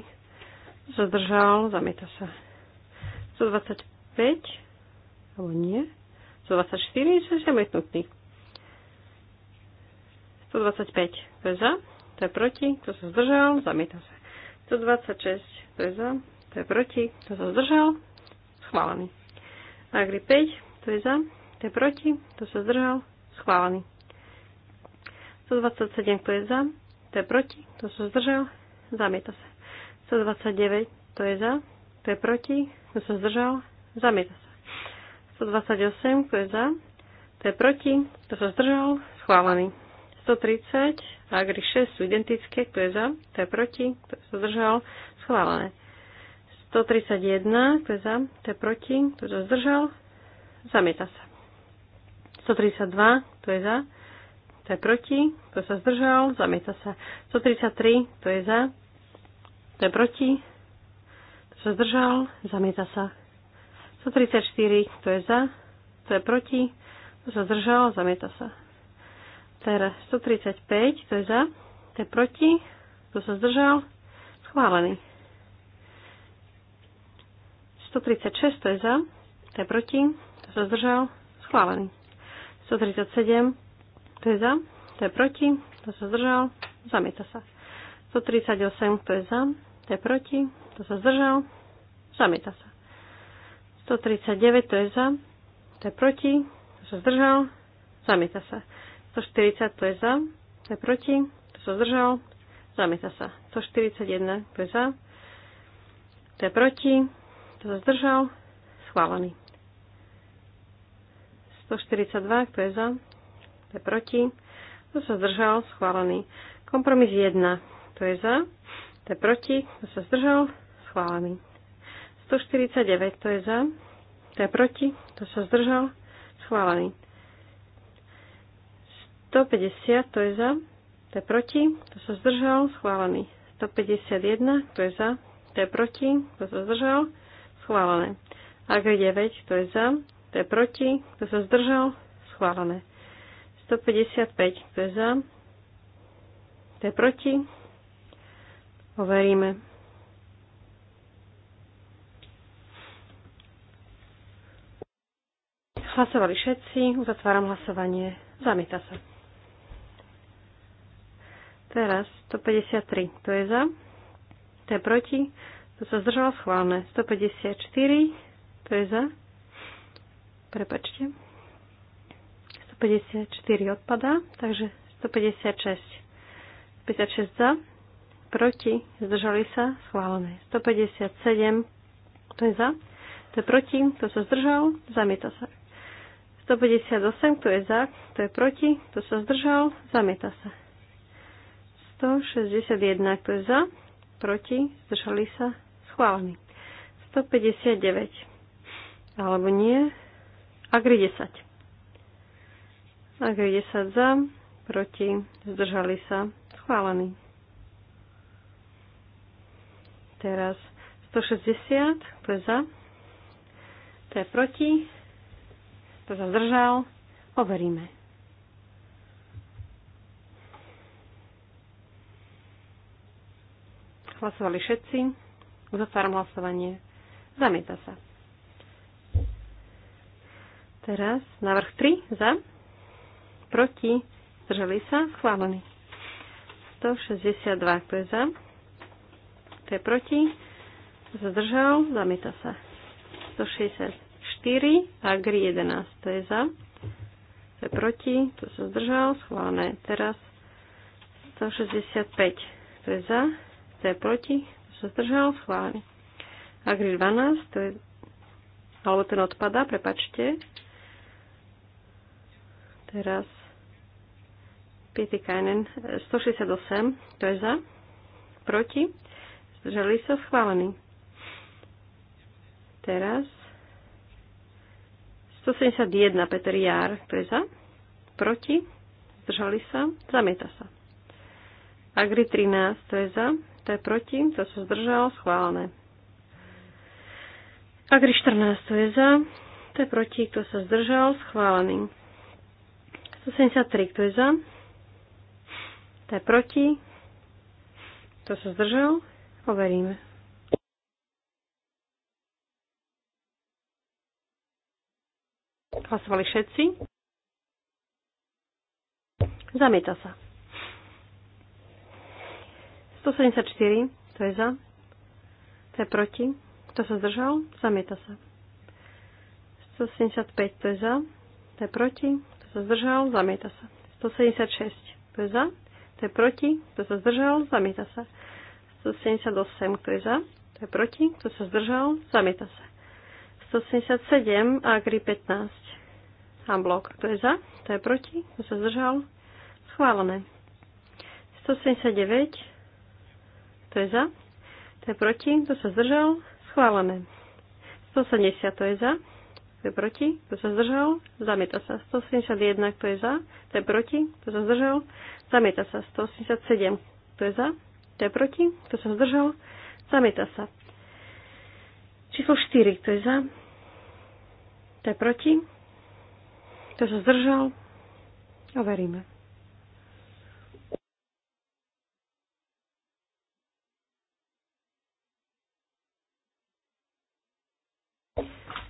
kto sa zdržal, zamieta sa. 125, alebo nie, 124 je zamietnutí. 125, kto je za, kto je proti, kto sa zdržal, zamieta sa. 126, kto je za, kto je proti, kto sa zdržal, schválený. Agri 5, kto je za? Kto je proti? to sa zdržal? Schválený. 127, to je za? Kto je proti? to sa zdržal? Zamieta sa. 129, to je za? Kto je proti? to sa zdržal? Zamieta sa. 128, kto je za? Kto je proti? to sa zdržal? Schválený. 130 a Agri 6 sú identické. to je za? Kto je proti? to sa zdržal? Schválené. 131, kto je za? Kto je proti? to sa zdržal? Zamieta sa. 132, to je za. To je proti. To sa zdržal. Zamieta sa. 133, to je za. To je proti. To sa zdržal. Zamieta sa. 134, to je za. To je proti. To sa zdržal. Zamieta sa. Teraz 135, to je za. To je proti. To sa zdržal. Schválený. 136, to je za. To je proti. Kto sa zdržal? Schválený. 137. Kto je za? Kto je proti? Kto sa zdržal? Zamieta sa. 138. Kto je za? Kto je proti? Kto sa zdržal? Zamieta sa. 139. Kto je za? Kto je proti? Kto sa zdržal? Zamieta sa. 140. Kto je za? Kto je proti? Kto sa zdržal? Zamieta sa. 141. Kto je za? Kto je proti? Kto sa zdržal? Schválený. 142, kto je za, kto je proti, kto sa zdržal, schválený. Kompromis 1, kto je za, kto je proti, kto sa zdržal, schválený. 149, kto je za, kto je proti, kto sa zdržal, schválený. 150, to je za, kto je proti, kto sa zdržal, schválený. 151, kto je za, kto je proti, kto sa zdržal, schválené. Agri 9, kto je za, kto je proti, kto sa zdržal, schválené. 155, kto je za, kto je proti, overíme. Hlasovali všetci, uzatváram hlasovanie, zamýta sa. Teraz 153, kto je za, kto je proti, kto sa zdržal, schválne. 154, kto je za, prepačte. 154 odpadá, takže 156. 56 za, proti, zdržali sa, schválené. 157, to je za, to je proti, to sa zdržal, zamieta sa. 158, to je za, to je proti, to sa zdržal, zamieta sa. 161, to je za, proti, zdržali sa, schválený. 159, alebo nie, Agri 10. Agri 10 za, proti, zdržali sa, schválený. Teraz 160, to je za, to je proti, to sa zdržal, overíme. Hlasovali všetci. Uzatváram hlasovanie. Zamieta sa. Teraz návrh 3 za, proti, zdržali sa, schválený. 162, kto je za, kto je proti, zdržal, zamieta sa. 164, agri 11, to je za, to je proti, to sa zdržal, schválené. Teraz 165, to je za, to je proti, to sa zdržal, schválený. Agri 12, to je, alebo ten odpada, prepačte, Teraz Pietikainen 168, to je za, proti, zdržali sa schválený. Teraz 171 Peter Jár, to je za, proti, zdržali sa, zamieta sa. Agri 13, to je za, to je proti, to sa zdržalo, schválené. Agri 14, to je za, to je proti, kto sa zdržal, schválený. 173, kto je za? To je proti? To sa zdržal? Overíme. Hlasovali všetci? Zamieta sa. 174, to je za. To je proti. Kto sa zdržal? Zamieta sa. 175, to je za. To je proti sa zdržal, zamieta sa. 176, kto je za, kto je proti, kto sa zdržal, zamieta sa. 178, kto je za, kto je proti, kto sa zdržal, zamieta sa. 177 a agri 15. Unblock, kto je za, kto je proti, kto sa zdržal, schválené. 179, kto je za, kto je proti, kto sa zdržal, schválené. 180, to je za, to je proti, kto sa zdržal, zamieta sa 181, kto je za, to je proti, kto sa zdržal, zamieta sa 187, kto je za, kto je proti, kto sa zdržal, zamieta sa. Číslo 4, kto je za, To je proti, kto sa zdržal, overíme.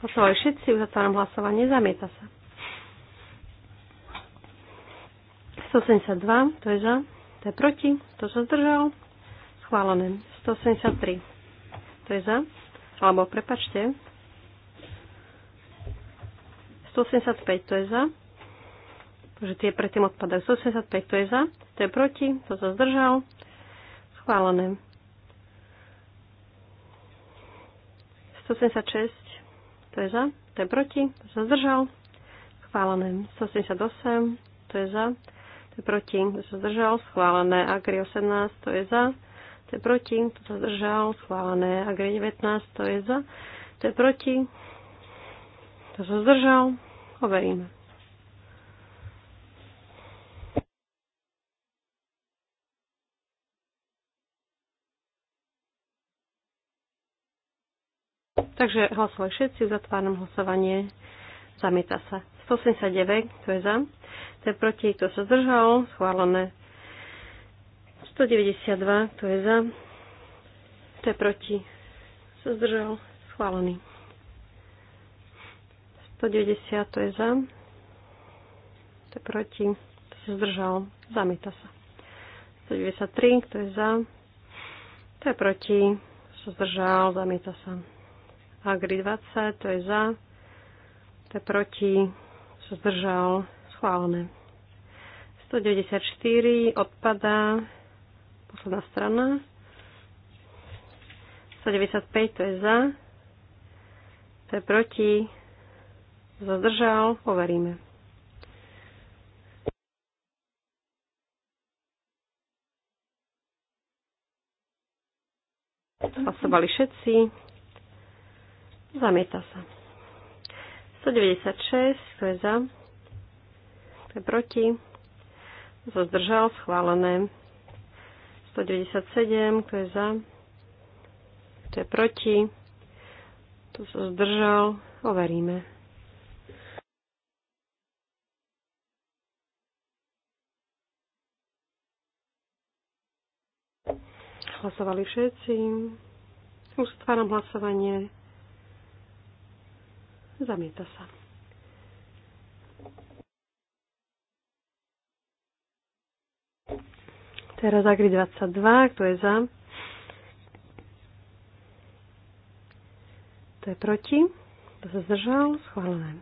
Hlasovali všetci, uzatváram hlasovanie, zamieta sa. 172, to je za, to je proti, to sa zdržal, schválené. 173, to je za, alebo prepačte, 185, to je za, že tie predtým odpadajú. 185, to je za, to je proti, to sa zdržal, schválené. 176, to je za, to je proti, to sa zdržal. Schválené 178, to je za, to je proti, to sa zdržal. Schválené Agri 18, to je za, to je proti, to sa zdržal. Schválené Agri 19, to je za, to je proti, to sa zdržal. Overíme. Takže hlasovali všetci, zatváram hlasovanie, zamieta sa. 189, to je za, To je proti, kto sa zdržal, schválené. 192, kto je za, To je proti, kto sa zdržal, schválený. 190, to je za, to je proti, to sa zdržal, zamieta sa. 193, kto je za, to je proti, to sa zdržal, zamieta sa. Agri 20, to je za, to je proti, sa zdržal, schválené. 194 odpadá, posledná strana. 195 to je za, to je proti, zadržal, overíme. Hlasovali všetci. Zamieta sa. 196, kto je za? Kto je proti? Kto zdržal? Schválené. 197, kto je za? Kto je proti? Kto sa zdržal? Overíme. Hlasovali všetci. Ustváram hlasovanie. Zamieta sa. Teraz Agri 22, kto je za? To je proti? To sa zdržal? Schválené.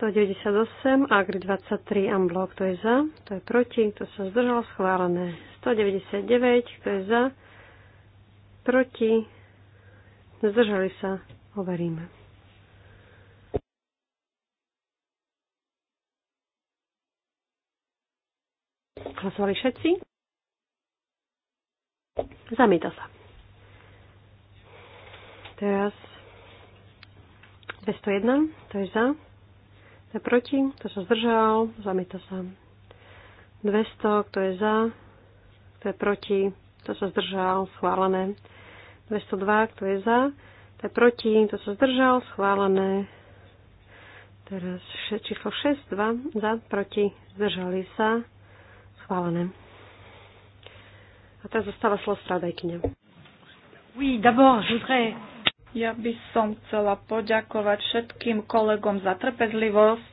198, Agri 23, Amblok, kto je za? to je proti? Kto sa zdržal? Schválené. 199, kto je za? Proti? Zdržali sa? Overíme. Hlasovali všetci? Zamieta sa. Teraz 201, to je za. To je proti, to sa zdržal, zamieta sa. 200, kto je za, kto je proti, to sa zdržal, schválené. 202, kto je za, kto je proti, to sa zdržal, schválené. Teraz číslo 6, 2, za, proti, zdržali sa, Chválené. A teraz zostáva slovo spravodajkyne. Oui, d'abord, je voudrais... Ja by som chcela poďakovať všetkým kolegom za trpezlivosť.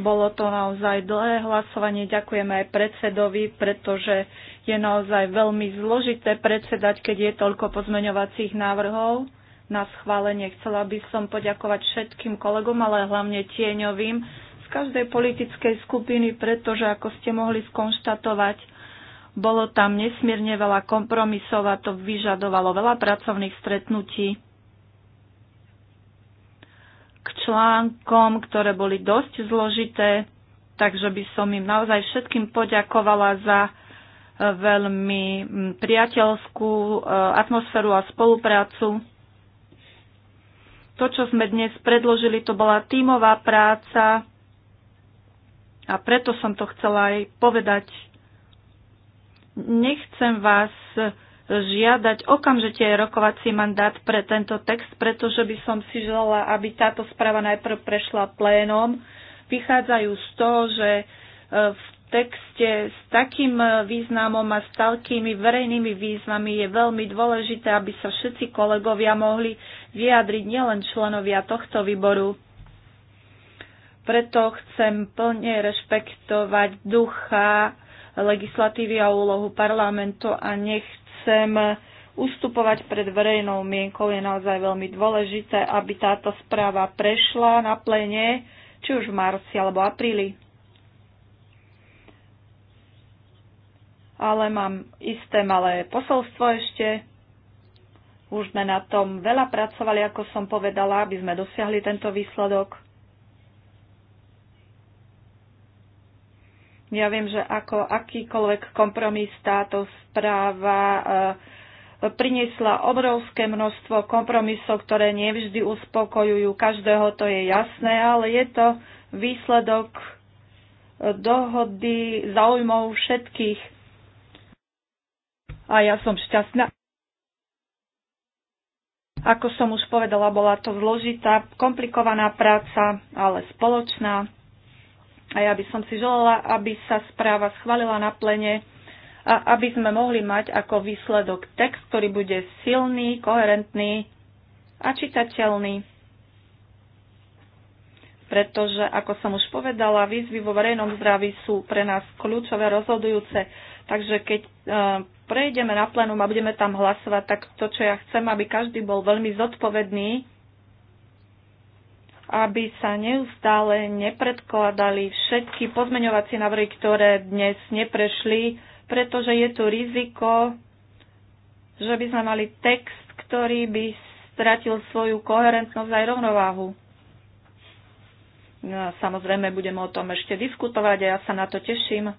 Bolo to naozaj dlhé hlasovanie. Ďakujem aj predsedovi, pretože je naozaj veľmi zložité predsedať, keď je toľko pozmeňovacích návrhov na schválenie. Chcela by som poďakovať všetkým kolegom, ale hlavne tieňovým každej politickej skupiny, pretože, ako ste mohli skonštatovať, bolo tam nesmierne veľa kompromisov a to vyžadovalo veľa pracovných stretnutí k článkom, ktoré boli dosť zložité, takže by som im naozaj všetkým poďakovala za e, veľmi priateľskú e, atmosféru a spoluprácu. To, čo sme dnes predložili, to bola tímová práca a preto som to chcela aj povedať. Nechcem vás žiadať okamžite rokovací mandát pre tento text, pretože by som si želala, aby táto správa najprv prešla plénom. Vychádzajú z toho, že e, v texte s takým významom a s takými verejnými významy je veľmi dôležité, aby sa všetci kolegovia mohli vyjadriť, nielen členovia tohto výboru. Preto chcem plne rešpektovať ducha legislatívy a úlohu parlamentu a nechcem ustupovať pred verejnou mienkou je naozaj veľmi dôležité, aby táto správa prešla na plene, či už v marci alebo apríli. Ale mám isté malé posolstvo ešte. Už sme na tom veľa pracovali, ako som povedala, aby sme dosiahli tento výsledok. Ja viem, že ako akýkoľvek kompromis táto správa e, priniesla obrovské množstvo kompromisov, ktoré nevždy uspokojujú každého, to je jasné, ale je to výsledok e, dohody záujmov všetkých. A ja som šťastná. Ako som už povedala, bola to zložitá, komplikovaná práca, ale spoločná. A ja by som si želala, aby sa správa schválila na plene a aby sme mohli mať ako výsledok text, ktorý bude silný, koherentný a čitateľný. Pretože, ako som už povedala, výzvy vo verejnom zdraví sú pre nás kľúčové, rozhodujúce. Takže keď e, prejdeme na plenum a budeme tam hlasovať, tak to, čo ja chcem, aby každý bol veľmi zodpovedný aby sa neustále nepredkladali všetky pozmeňovacie návrhy, ktoré dnes neprešli, pretože je tu riziko, že by sme mali text, ktorý by stratil svoju koherentnosť aj rovnováhu. No, samozrejme, budeme o tom ešte diskutovať a ja sa na to teším.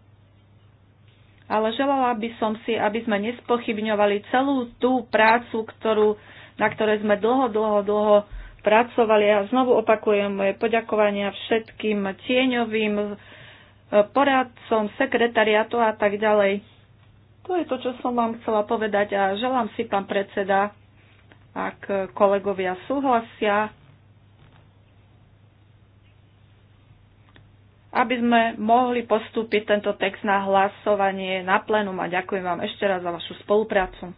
Ale želala by som si, aby sme nespochybňovali celú tú prácu, ktorú, na ktorej sme dlho, dlho, dlho pracovali. Ja znovu opakujem moje poďakovania všetkým tieňovým e, poradcom, sekretariatu a tak ďalej. To je to, čo som vám chcela povedať a želám si, pán predseda, ak kolegovia súhlasia, aby sme mohli postúpiť tento text na hlasovanie na plénum a ďakujem vám ešte raz za vašu spoluprácu.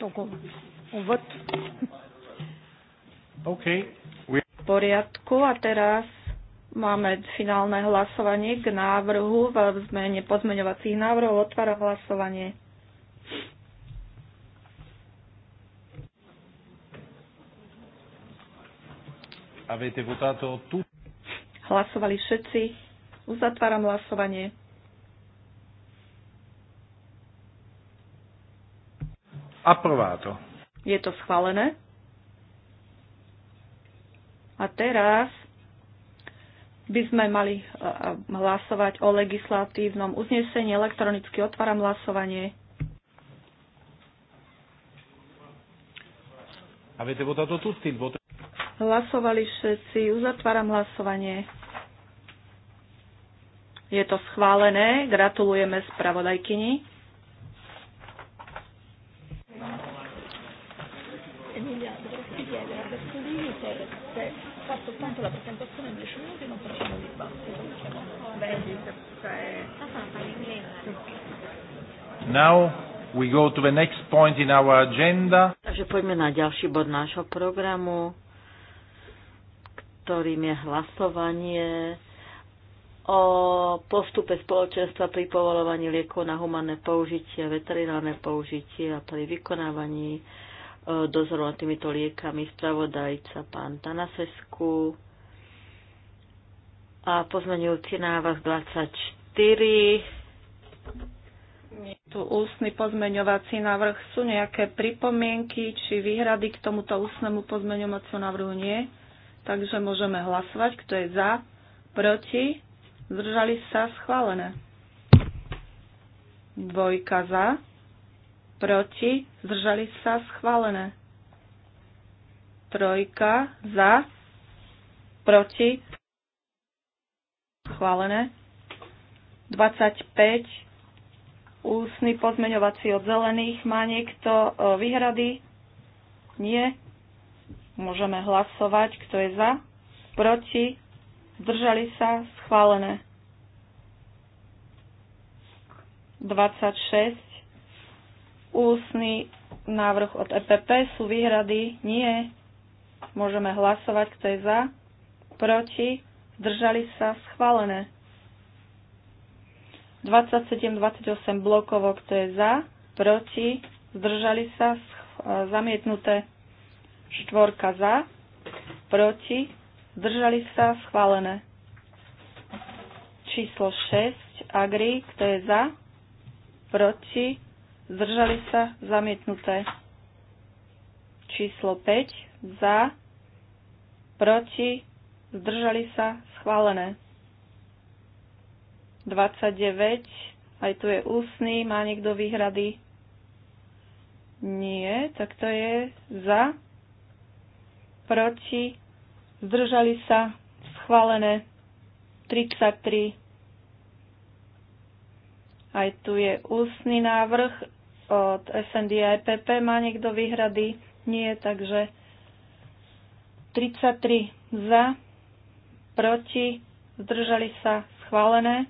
Donc on, on vote. OK. V poriadku a teraz máme finálne hlasovanie k návrhu v zmene pozmeňovacích návrhov. Otvára hlasovanie. Avete votato Hlasovali všetci. Uzatváram hlasovanie. Aprováto. Je to schválené. A teraz by sme mali e, e, hlasovať o legislatívnom uznesení. Elektronicky otváram hlasovanie. Avete votato tutti il Hlasovali všetci. Uzatváram hlasovanie. Je to schválené. Gratulujeme spravodajkyni. fa soltanto la presentazione in 10 minuti e non facciamo il dibattito. No? Now we go to the next point in our agenda. Takže poďme na ďalší bod nášho programu, ktorým je hlasovanie o postupe spoločenstva pri povolovaní liekov na humanné použitie, veterinárne použitie a pri vykonávaní uh, dozoru týmito liekami spravodajca pán Tanasesku a pozmenujúci návrh 24. Je tu ústny pozmeňovací návrh. Sú nejaké pripomienky či výhrady k tomuto ústnemu pozmeňovaciu návrhu? Nie. Takže môžeme hlasovať, kto je za, proti, zdržali sa, schválené. Dvojka za, proti, zdržali sa, schválené. Trojka, za, proti, schválené. 25, ústny pozmeňovací od zelených. Má niekto e, výhrady? Nie. Môžeme hlasovať, kto je za, proti, zdržali sa, schválené. 26, Ústny návrh od EPP sú výhrady? Nie. Môžeme hlasovať, kto je za, proti, zdržali sa, schválené. 27, 28 blokovo, kto je za, proti, zdržali sa, e, zamietnuté. Štvorka za, proti, zdržali sa, schválené. Číslo 6, Agri, kto je za, proti, zdržali sa, zamietnuté. Číslo 5, za, proti, zdržali sa, schválené. 29, aj tu je ústny, má niekto výhrady? Nie, tak to je za, proti, zdržali sa, schválené. 33, aj tu je ústny návrh od SND a EPP. Má niekto výhrady? Nie, takže 33 za, proti, zdržali sa schválené.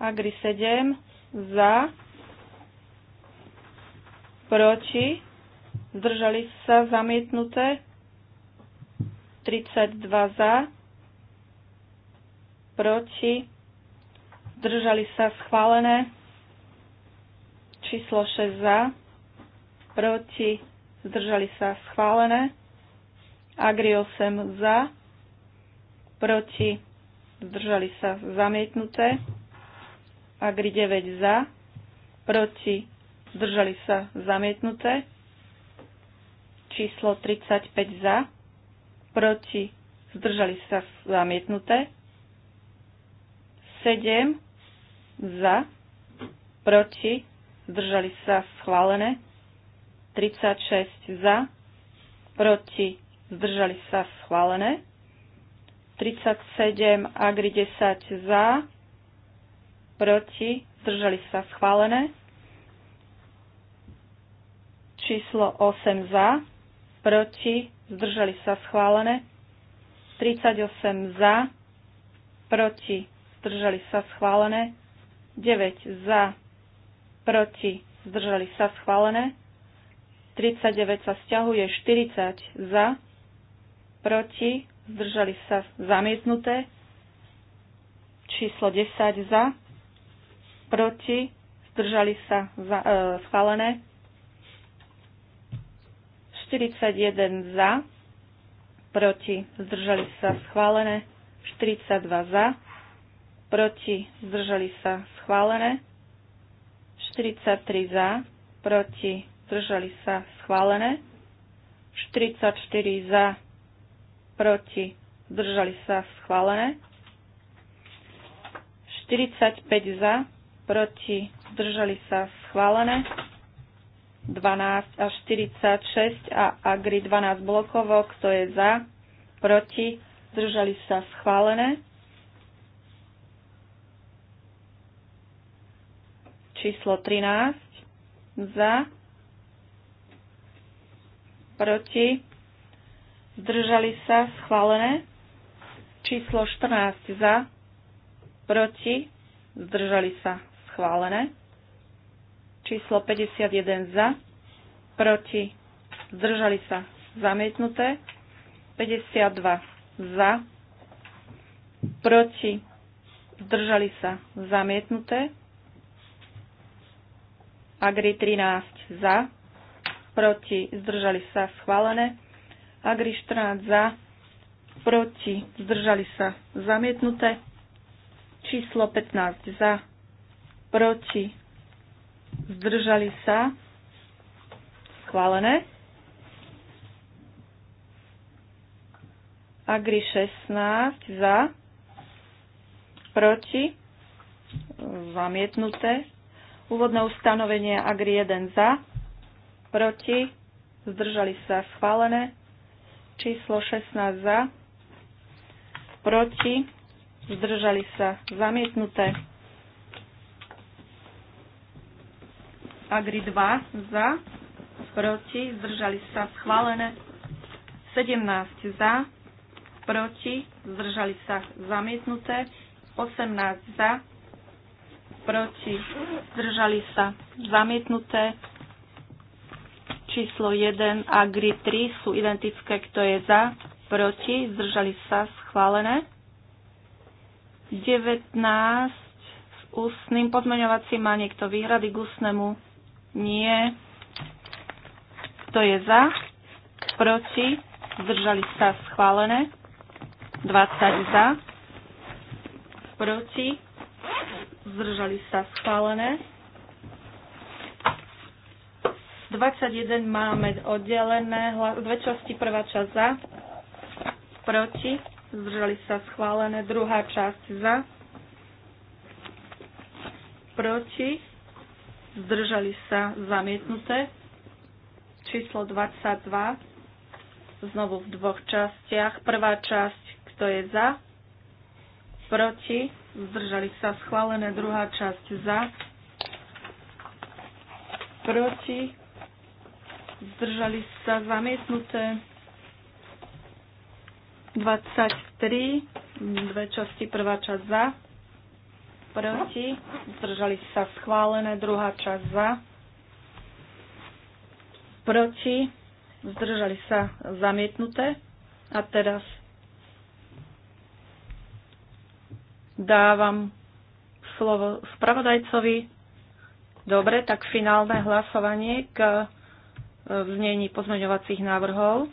Agri 7 za, proti, zdržali sa zamietnuté. 32 za, proti, zdržali sa schválené. Číslo 6 za, proti, zdržali sa schválené. Agri 8 za, proti, zdržali sa zamietnuté. Agri 9 za, proti, zdržali sa zamietnuté. Číslo 35 za, proti, zdržali sa zamietnuté. 7 za, proti, zdržali sa schválené, 36 za, proti, zdržali sa schválené, 37 agri 10 za, proti, zdržali sa schválené, číslo 8 za, proti, zdržali sa schválené, 38 za, proti, zdržali sa schválené, 9 za, proti, zdržali sa schválené. 39 sa stiahuje, 40 za, proti, zdržali sa zamietnuté. Číslo 10 za, proti, zdržali sa za, e, schválené. 41 za, proti, zdržali sa schválené. 42 za, proti, zdržali sa schválené. 43 za, proti, zdržali sa schválené. 44 za, proti, zdržali sa schválené. 45 za, proti, zdržali sa schválené. 12 a 46 a Agri 12 blokovok, kto je za, proti, zdržali sa schválené. číslo 13 za, proti, zdržali sa, schválené. Číslo 14 za, proti, zdržali sa, schválené. Číslo 51 za, proti, zdržali sa, zamietnuté. 52 za, proti, zdržali sa, zamietnuté. Agri 13 za, proti, zdržali sa schválené. Agri 14 za, proti, zdržali sa zamietnuté. Číslo 15 za, proti, zdržali sa schválené. Agri 16 za, proti, zamietnuté. Úvodné ustanovenie Agri 1 za, proti, zdržali sa schválené. Číslo 16 za, proti, zdržali sa zamietnuté. Agri 2 za, proti, zdržali sa schválené. 17 za, proti, zdržali sa zamietnuté. 18 za, proti, zdržali sa zamietnuté. Číslo 1 a GRI 3 sú identické, kto je za, proti, zdržali sa schválené. 19 s ústnym podmeňovacím má niekto výhrady k ústnemu? Nie. Kto je za, proti, zdržali sa schválené. 20 za, proti, zdržali sa schválené. 21 máme oddelené dve časti, prvá časť za, proti, zdržali sa schválené, druhá časť za, proti, zdržali sa zamietnuté, číslo 22, znovu v dvoch častiach, prvá časť, kto je za, proti, zdržali sa schválené, druhá časť za, proti, zdržali sa zamietnuté, 23, dve časti, prvá časť za, proti, zdržali sa schválené, druhá časť za, proti, zdržali sa zamietnuté. A teraz Dávam slovo spravodajcovi. Dobre, tak finálne hlasovanie k e, vznení znení pozmeňovacích návrhov.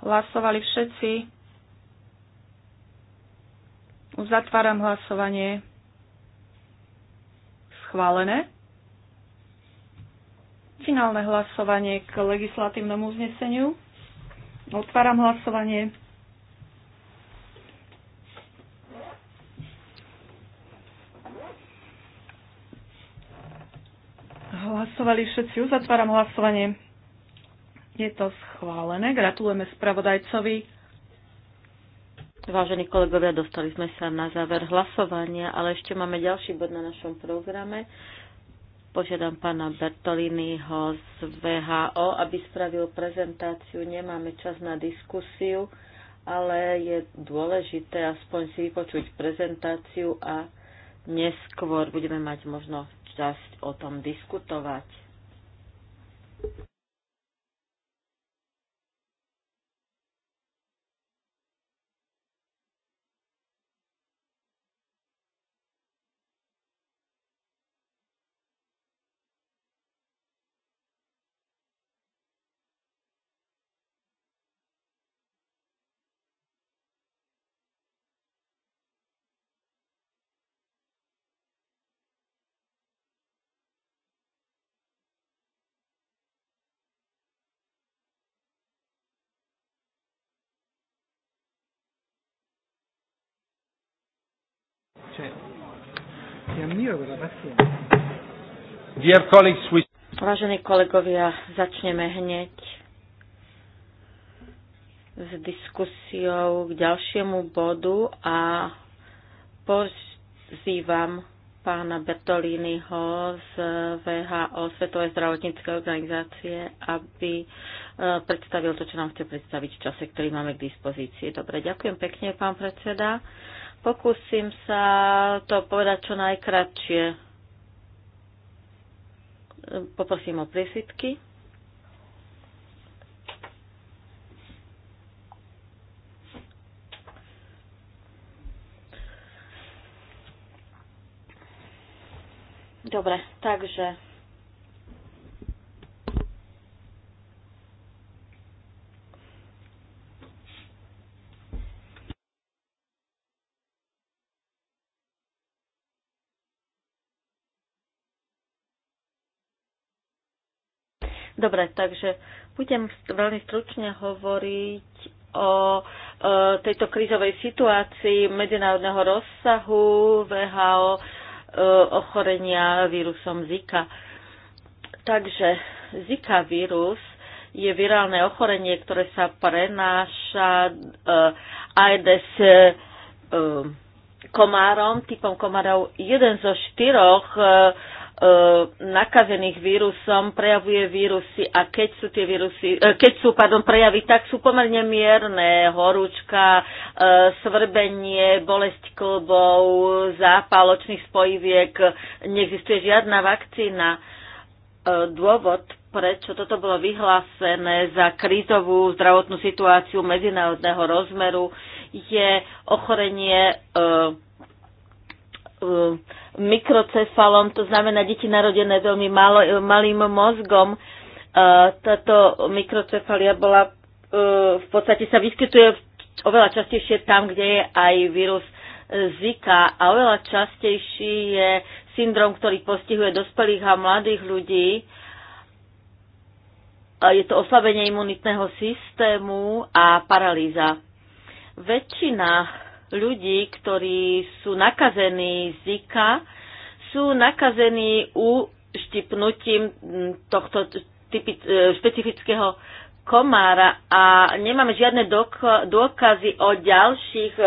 Hlasovali všetci. Uzatváram hlasovanie. Schválené. Finálne hlasovanie k legislatívnemu uzneseniu. Otváram hlasovanie. Hlasovali všetci. Uzatváram hlasovanie. Je to schválené. Gratulujeme spravodajcovi. Vážení kolegovia, dostali sme sa na záver hlasovania, ale ešte máme ďalší bod na našom programe. Požiadam pána Bertoliniho z VHO, aby spravil prezentáciu. Nemáme čas na diskusiu, ale je dôležité aspoň si vypočuť prezentáciu a neskôr budeme mať možno časť o tom diskutovať. Cioè, ti ammiro per la Dear colleagues, we... Vážení kolegovia, začneme hneď s diskusiou k ďalšiemu bodu a pozývam pána Bertolínyho z VHO, Svetovej zdravotníckej organizácie, aby e, predstavil to, čo nám chce predstaviť v čase, ktorý máme k dispozícii. Dobre, ďakujem pekne, pán predseda. Pokúsim sa to povedať čo najkratšie. Poprosím o prísvitky. Dobre, takže Dobre, takže budem veľmi stručne hovoriť o e, tejto krízovej situácii medzinárodného rozsahu VHO e, ochorenia vírusom Zika. Takže Zika vírus je virálne ochorenie, ktoré sa prenáša e, Aedes komárom, typom komárov. Jeden zo štyroch e, e, nakazených vírusom prejavuje vírusy a keď sú tie vírusy, e, keď sú pardon, prejavy, tak sú pomerne mierne, horúčka, svrbenie, bolesť klbov, zápaločných spojiviek, neexistuje žiadna vakcína. Dôvod, prečo toto bolo vyhlásené za krízovú zdravotnú situáciu medzinárodného rozmeru, je ochorenie e, e, mikrocefalom, to znamená deti narodené veľmi malo, e, malým mozgom. Táto mikrocefalia bola, v podstate sa vyskytuje oveľa častejšie tam, kde je aj vírus Zika a oveľa častejší je syndrom, ktorý postihuje dospelých a mladých ľudí. Je to oslabenie imunitného systému a paralýza väčšina ľudí, ktorí sú nakazení Zika, sú nakazení u štipnutím tohto typi, e, špecifického komára a nemáme žiadne dôkazy o ďalších e,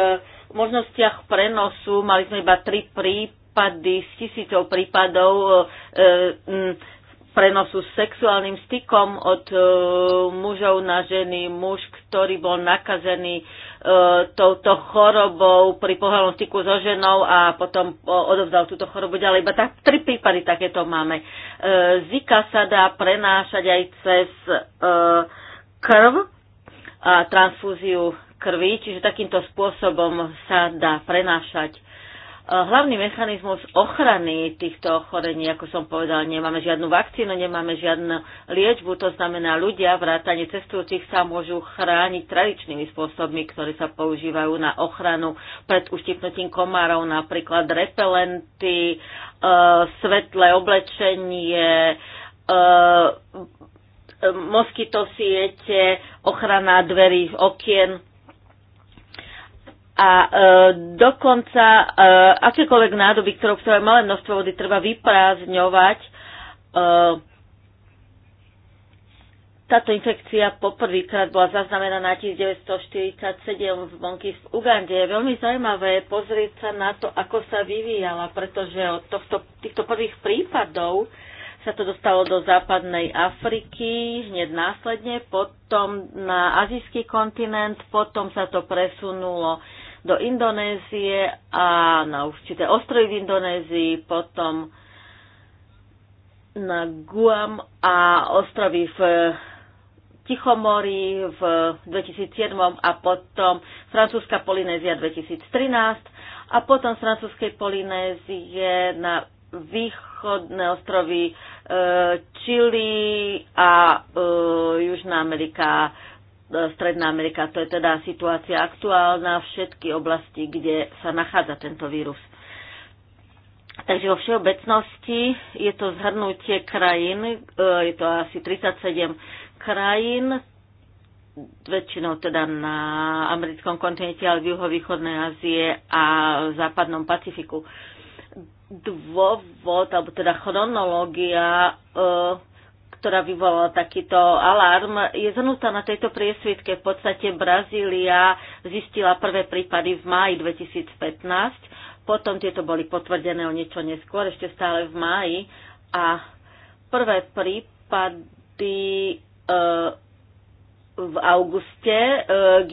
možnostiach prenosu. Mali sme iba tri prípady z tisícov prípadov e, prenosu sexuálnym stykom od e, mužov na ženy, muž, ktorý bol nakazený e, touto chorobou pri pohľadnom styku so ženou a potom o, e, odovzdal túto chorobu ďalej. Iba tak tri prípady takéto máme. E, Zika sa dá prenášať aj cez e, krv a transfúziu krvi, čiže takýmto spôsobom sa dá prenášať E, hlavný mechanizmus ochrany týchto ochorení, ako som povedal, nemáme žiadnu vakcínu, nemáme žiadnu liečbu, to znamená ľudia, vrátane cestujúcich sa môžu chrániť tradičnými spôsobmi, ktoré sa používajú na ochranu pred uštipnutím komárov, napríklad repelenty, e, svetlé oblečenie, e, moskytosiete, ochrana dverí, okien, a e, dokonca e, akékoľvek nádoby, ktoré malé množstvo vody, treba vyprázdňovať. E, táto infekcia poprvýkrát bola zaznamenaná 1947 v Monky v Ugande. Je veľmi zaujímavé pozrieť sa na to, ako sa vyvíjala, pretože od tohto, týchto prvých prípadov sa to dostalo do západnej Afriky, hneď následne, potom na azijský kontinent, potom sa to presunulo do Indonézie a na určité ostrovy v Indonézii, potom na Guam a ostrovy v Tichomorí v 2007 a potom francúzska Polynézia 2013 a potom z francúzskej Polynézie na východné ostrovy e, eh, Chile a e, Južná Amerika E, Stredná Amerika. To je teda situácia aktuálna, všetky oblasti, kde sa nachádza tento vírus. Takže vo všeobecnosti je to zhrnutie krajín, e, je to asi 37 krajín, väčšinou teda na americkom kontinente, ale v juhovýchodnej Ázie a v západnom Pacifiku. Dôvod, alebo teda chronológia e, ktorá vyvolala takýto alarm, je zhrnutá na tejto priesvitke. V podstate Brazília zistila prvé prípady v máji 2015, potom tieto boli potvrdené o niečo neskôr, ešte stále v máji, a prvé prípady e, v auguste e,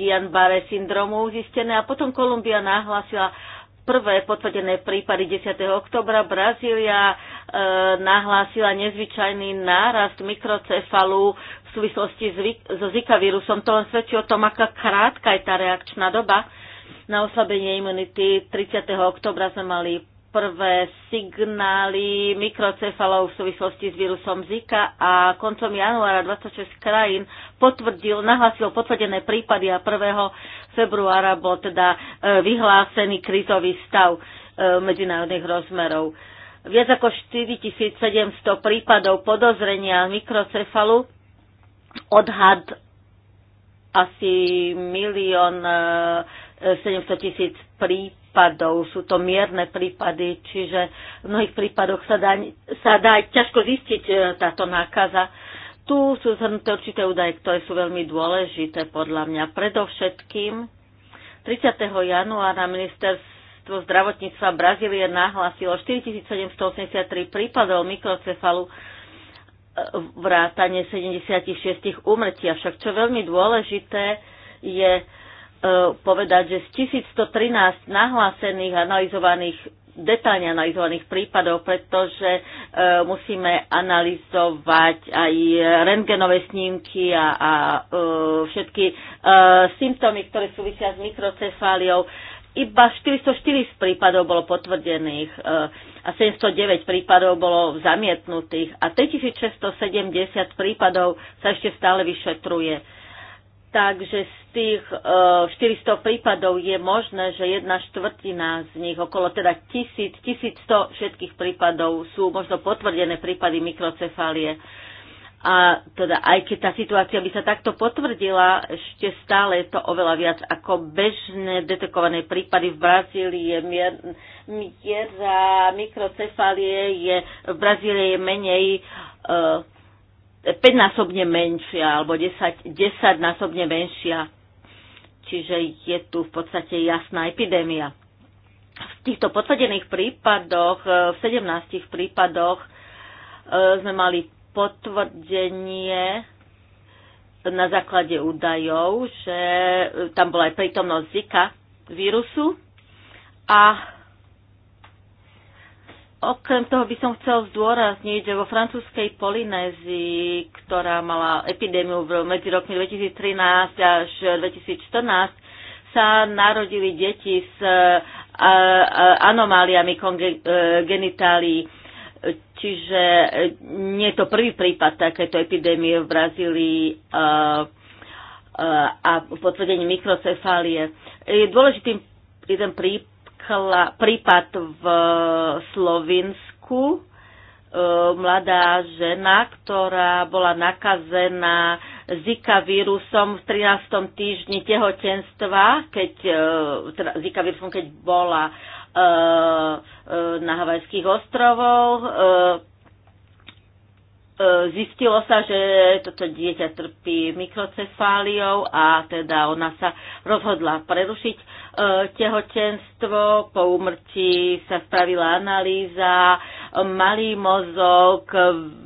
Guillain-Barré syndromu zistené a potom Kolumbia nahlásila prvé potvrdené prípady 10. oktobra Brazília e, nahlásila nezvyčajný nárast mikrocefalu v súvislosti s, so Zika vírusom. To len svedčí o tom, aká krátka je tá reakčná doba. Na oslabenie imunity 30. oktobra sme mali prvé signály mikrocefalov v súvislosti s vírusom Zika a koncom januára 26 krajín potvrdil, nahlasil potvrdené prípady a 1. februára bol teda e, vyhlásený krizový stav e, medzinárodných rozmerov. Viac ako 4700 prípadov podozrenia mikrocefalu, odhad asi milión 700 e, tisíc prípadov prípadov, sú to mierne prípady, čiže v mnohých prípadoch sa dá, sa dá ťažko zistiť e, táto nákaza. Tu sú zhrnuté určité údaje, ktoré sú veľmi dôležité podľa mňa. Predovšetkým 30. januára ministerstvo zdravotníctva Brazílie nahlásilo 4783 prípadov mikrocefalu e, vrátane 76 úmrtí. Avšak čo veľmi dôležité je povedať, že z 1113 nahlásených, analyzovaných, detálne analyzovaných prípadov, pretože e, musíme analyzovať aj rentgenové snímky a, a e, všetky e, symptómy, ktoré súvisia s mikrocefáliou, iba 404 prípadov bolo potvrdených a 709 prípadov bolo zamietnutých a 3670 prípadov sa ešte stále vyšetruje. Takže z tých e, 400 prípadov je možné, že jedna štvrtina z nich, okolo teda 1000, 1100 všetkých prípadov sú možno potvrdené prípady mikrocefálie. A teda aj keď tá situácia by sa takto potvrdila, ešte stále je to oveľa viac ako bežné detekované prípady v Brazílii. Mier, miera mikrocefálie je v Brazílii je menej e, 5-násobne menšia alebo 10, 10-násobne menšia. Čiže je tu v podstate jasná epidémia. V týchto podsadených prípadoch, e, v 17 prípadoch e, sme mali potvrdenie na základe údajov, že e, tam bola aj prítomnosť Zika vírusu a Okrem toho by som chcel zdôrazniť, že vo francúzskej Polynézii, ktorá mala epidémiu medzi rokmi 2013 až 2014, sa narodili deti s e, e, anomáliami e, genitálií. Čiže nie je to prvý prípad takéto epidémie v Brazílii a potvrdení mikrocefálie. Je dôležitý jeden prípad, chla, prípad v Slovinsku. E, mladá žena, ktorá bola nakazená Zika vírusom v 13. týždni tehotenstva, keď, e, teda Zika vírusom, keď bola e, na Havajských ostrovoch. Zistilo sa, že toto dieťa trpí mikrocefáliou a teda ona sa rozhodla prerušiť Eh, tehotenstvo, po úmrtí sa spravila analýza, malý mozog,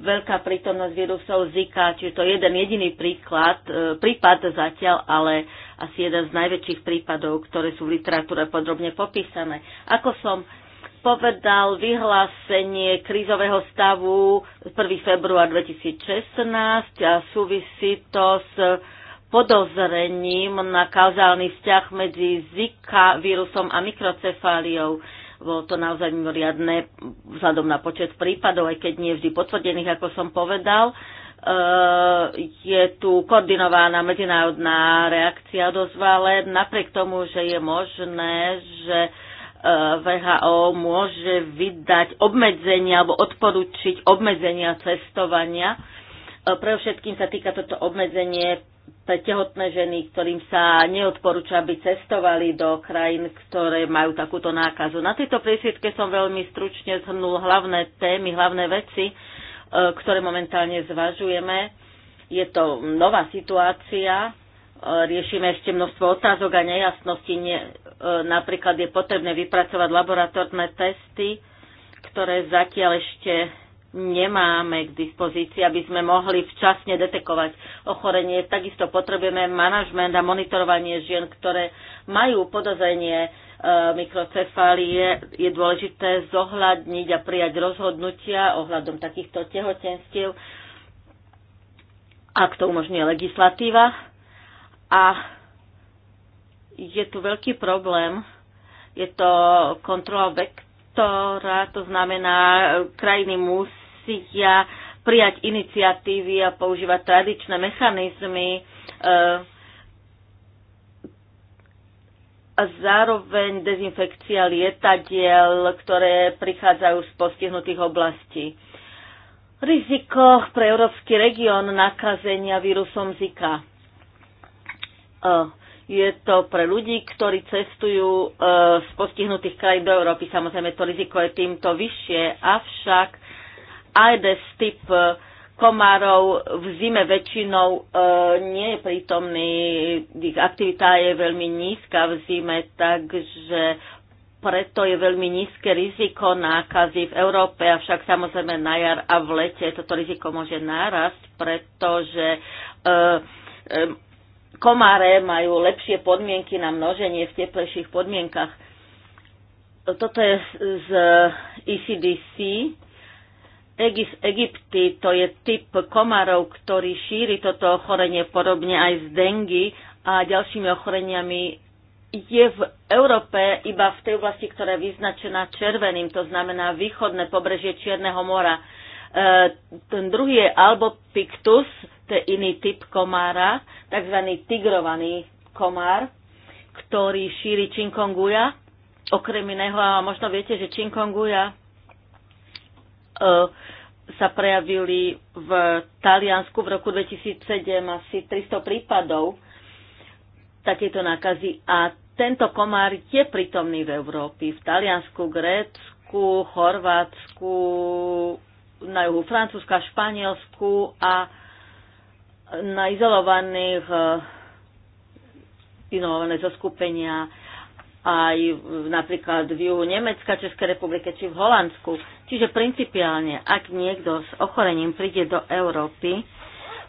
veľká prítomnosť vírusov Zika, čiže to je jeden jediný príklad, eh, prípad zatiaľ, ale asi jeden z najväčších prípadov, ktoré sú v literatúre podrobne popísané. Ako som povedal vyhlásenie krízového stavu 1. február 2016 a súvisí to s podozrením na kauzálny vzťah medzi Zika vírusom a mikrocefáliou. Bolo to naozaj mimoriadné vzhľadom na počet prípadov, aj keď nie vždy potvrdených, ako som povedal. Ehm, je tu koordinovaná medzinárodná reakcia dozvale, napriek tomu, že je možné, že ehm, VHO môže vydať obmedzenia alebo odporúčiť obmedzenia cestovania. Ehm, pre všetkým sa týka toto obmedzenie pre tehotné ženy, ktorým sa neodporúča, aby cestovali do krajín, ktoré majú takúto nákazu. Na tejto presiedke som veľmi stručne zhrnul hlavné témy, hlavné veci, e, ktoré momentálne zvažujeme. Je to nová situácia, e, riešime ešte množstvo otázok a nejasností. E, napríklad je potrebné vypracovať laboratórne testy, ktoré zatiaľ ešte nemáme k dispozícii, aby sme mohli včasne detekovať ochorenie. Takisto potrebujeme manažment a monitorovanie žien, ktoré majú podozrenie e, mikrocefálie. Je dôležité zohľadniť a prijať rozhodnutia ohľadom takýchto tehotenstiev, ak to umožňuje legislatíva. A je tu veľký problém, je to kontrola vektora, to znamená, krajiny musí musia prijať iniciatívy a používať tradičné mechanizmy. Eh, a zároveň dezinfekcia lietadiel, ktoré prichádzajú z postihnutých oblastí. Riziko pre európsky región nakazenia vírusom Zika. Eh, je to pre ľudí, ktorí cestujú eh, z postihnutých krajín do Európy. Samozrejme, to riziko je týmto vyššie, avšak Aedes typ e, komárov v zime väčšinou e, nie je prítomný, ich aktivita je veľmi nízka v zime, takže preto je veľmi nízke riziko nákazy v Európe, avšak samozrejme na jar a v lete toto riziko môže nárasť, pretože e, e, komáre majú lepšie podmienky na množenie v teplejších podmienkach. Toto je z ECDC, Egis Egypti, to je typ komarov, ktorý šíri toto ochorenie podobne aj z dengy a ďalšími ochoreniami je v Európe iba v tej oblasti, ktorá je vyznačená červeným, to znamená východné pobrežie Čierneho mora. E, ten druhý je albopictus, to je iný typ komára, tzv. tigrovaný komár, ktorý šíri činkonguja, okrem iného, a možno viete, že činkonguja sa prejavili v Taliansku v roku 2007 asi 300 prípadov takéto nákazy a tento komár je prítomný v Európe, v Taliansku, Grécku, Chorvátsku, na juhu Francúzska, Španielsku a na izolovaných izolované zoskupenia aj napríklad v juhu Nemecka, Českej republike či v Holandsku. Čiže principiálne, ak niekto s ochorením príde do Európy,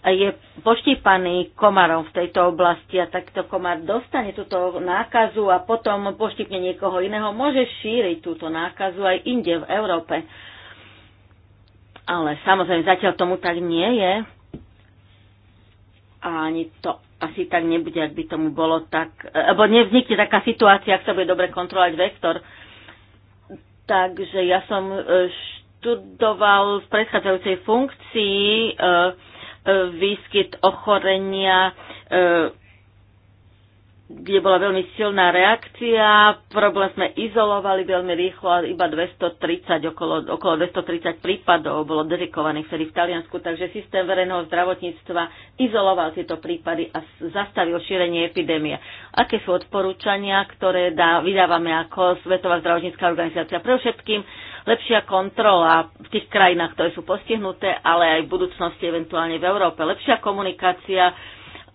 je poštípaný komarom v tejto oblasti a takto komar dostane túto nákazu a potom poštípne niekoho iného, môže šíriť túto nákazu aj inde v Európe. Ale samozrejme, zatiaľ tomu tak nie je. A ani to asi tak nebude, ak by tomu bolo tak... Lebo nevznikne taká situácia, ak sa bude dobre kontrolovať vektor, Takže ja som e, študoval v predchádzajúcej funkcii e, e, výskyt ochorenia kde bola veľmi silná reakcia. Problém sme izolovali veľmi rýchlo, iba 230, okolo, okolo 230 prípadov bolo dedikovaných vtedy v Taliansku, takže systém verejného zdravotníctva izoloval tieto prípady a zastavil šírenie epidémie. Aké sú odporúčania, ktoré dá, vydávame ako Svetová zdravotnícká organizácia? Pre všetkým lepšia kontrola v tých krajinách, ktoré sú postihnuté, ale aj v budúcnosti eventuálne v Európe. Lepšia komunikácia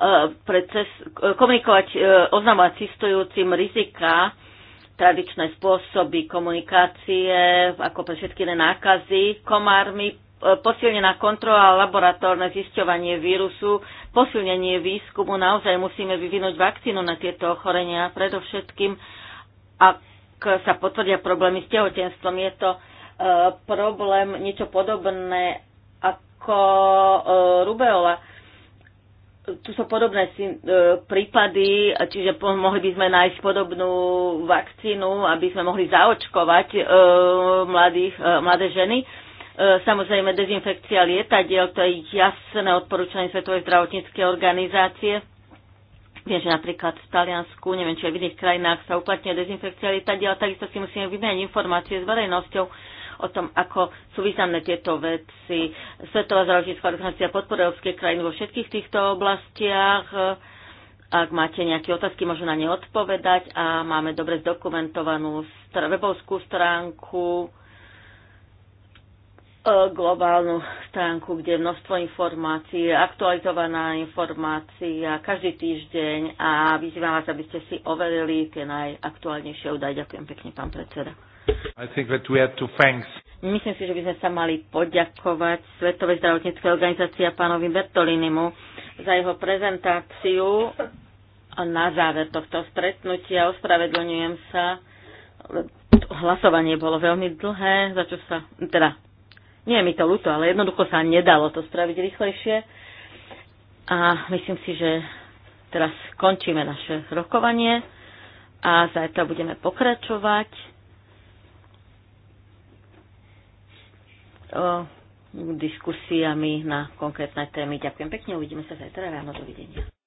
E, pre e, komunikovať, e, oznamovať cestujúcim rizika, tradičné spôsoby komunikácie, ako pre všetky nákazy, komármi, posilnená kontrola a laboratórne zisťovanie vírusu, posilnenie výskumu, naozaj musíme vyvinúť vakcínu na tieto ochorenia, predovšetkým, ak sa potvrdia problémy s tehotenstvom, je to problém niečo podobné ako rubeola tu sú podobné e, prípady, čiže mohli by sme nájsť podobnú vakcínu, aby sme mohli zaočkovať e, mladých, e, mladé ženy. Samozrejme, dezinfekcia lietadiel, to je jasné odporúčanie Svetovej zdravotníckej organizácie. Viem, že napríklad v Taliansku, neviem, či aj v iných krajinách sa uplatňuje dezinfekcia lietadiel, takisto si musíme vymeniť informácie s verejnosťou o tom, ako sú významné tieto veci. Svetová zdravotnícká organizácia podporuje európske krajiny vo všetkých týchto oblastiach. Ak máte nejaké otázky, môžu na ne odpovedať a máme dobre zdokumentovanú str- webovskú stránku e, globálnu stránku, kde je množstvo informácií, aktualizovaná informácia každý týždeň a vyzývam vás, aby ste si overili tie najaktuálnejšie údaje. Ďakujem pekne, pán predseda. I think that we have to thanks. Myslím si, že by sme sa mali poďakovať Svetovej zdravotníckej organizácii a pánovi Bertolinimu za jeho prezentáciu na záver tohto stretnutia. Ospravedlňujem sa. Hlasovanie bolo veľmi dlhé, za čo sa... Teda, nie je mi to ľúto, ale jednoducho sa nedalo to spraviť rýchlejšie. A myslím si, že teraz končíme naše rokovanie a zajtra budeme pokračovať. diskusiami na konkrétne témy. Ďakujem pekne, uvidíme sa zajtra ráno. Dovidenia.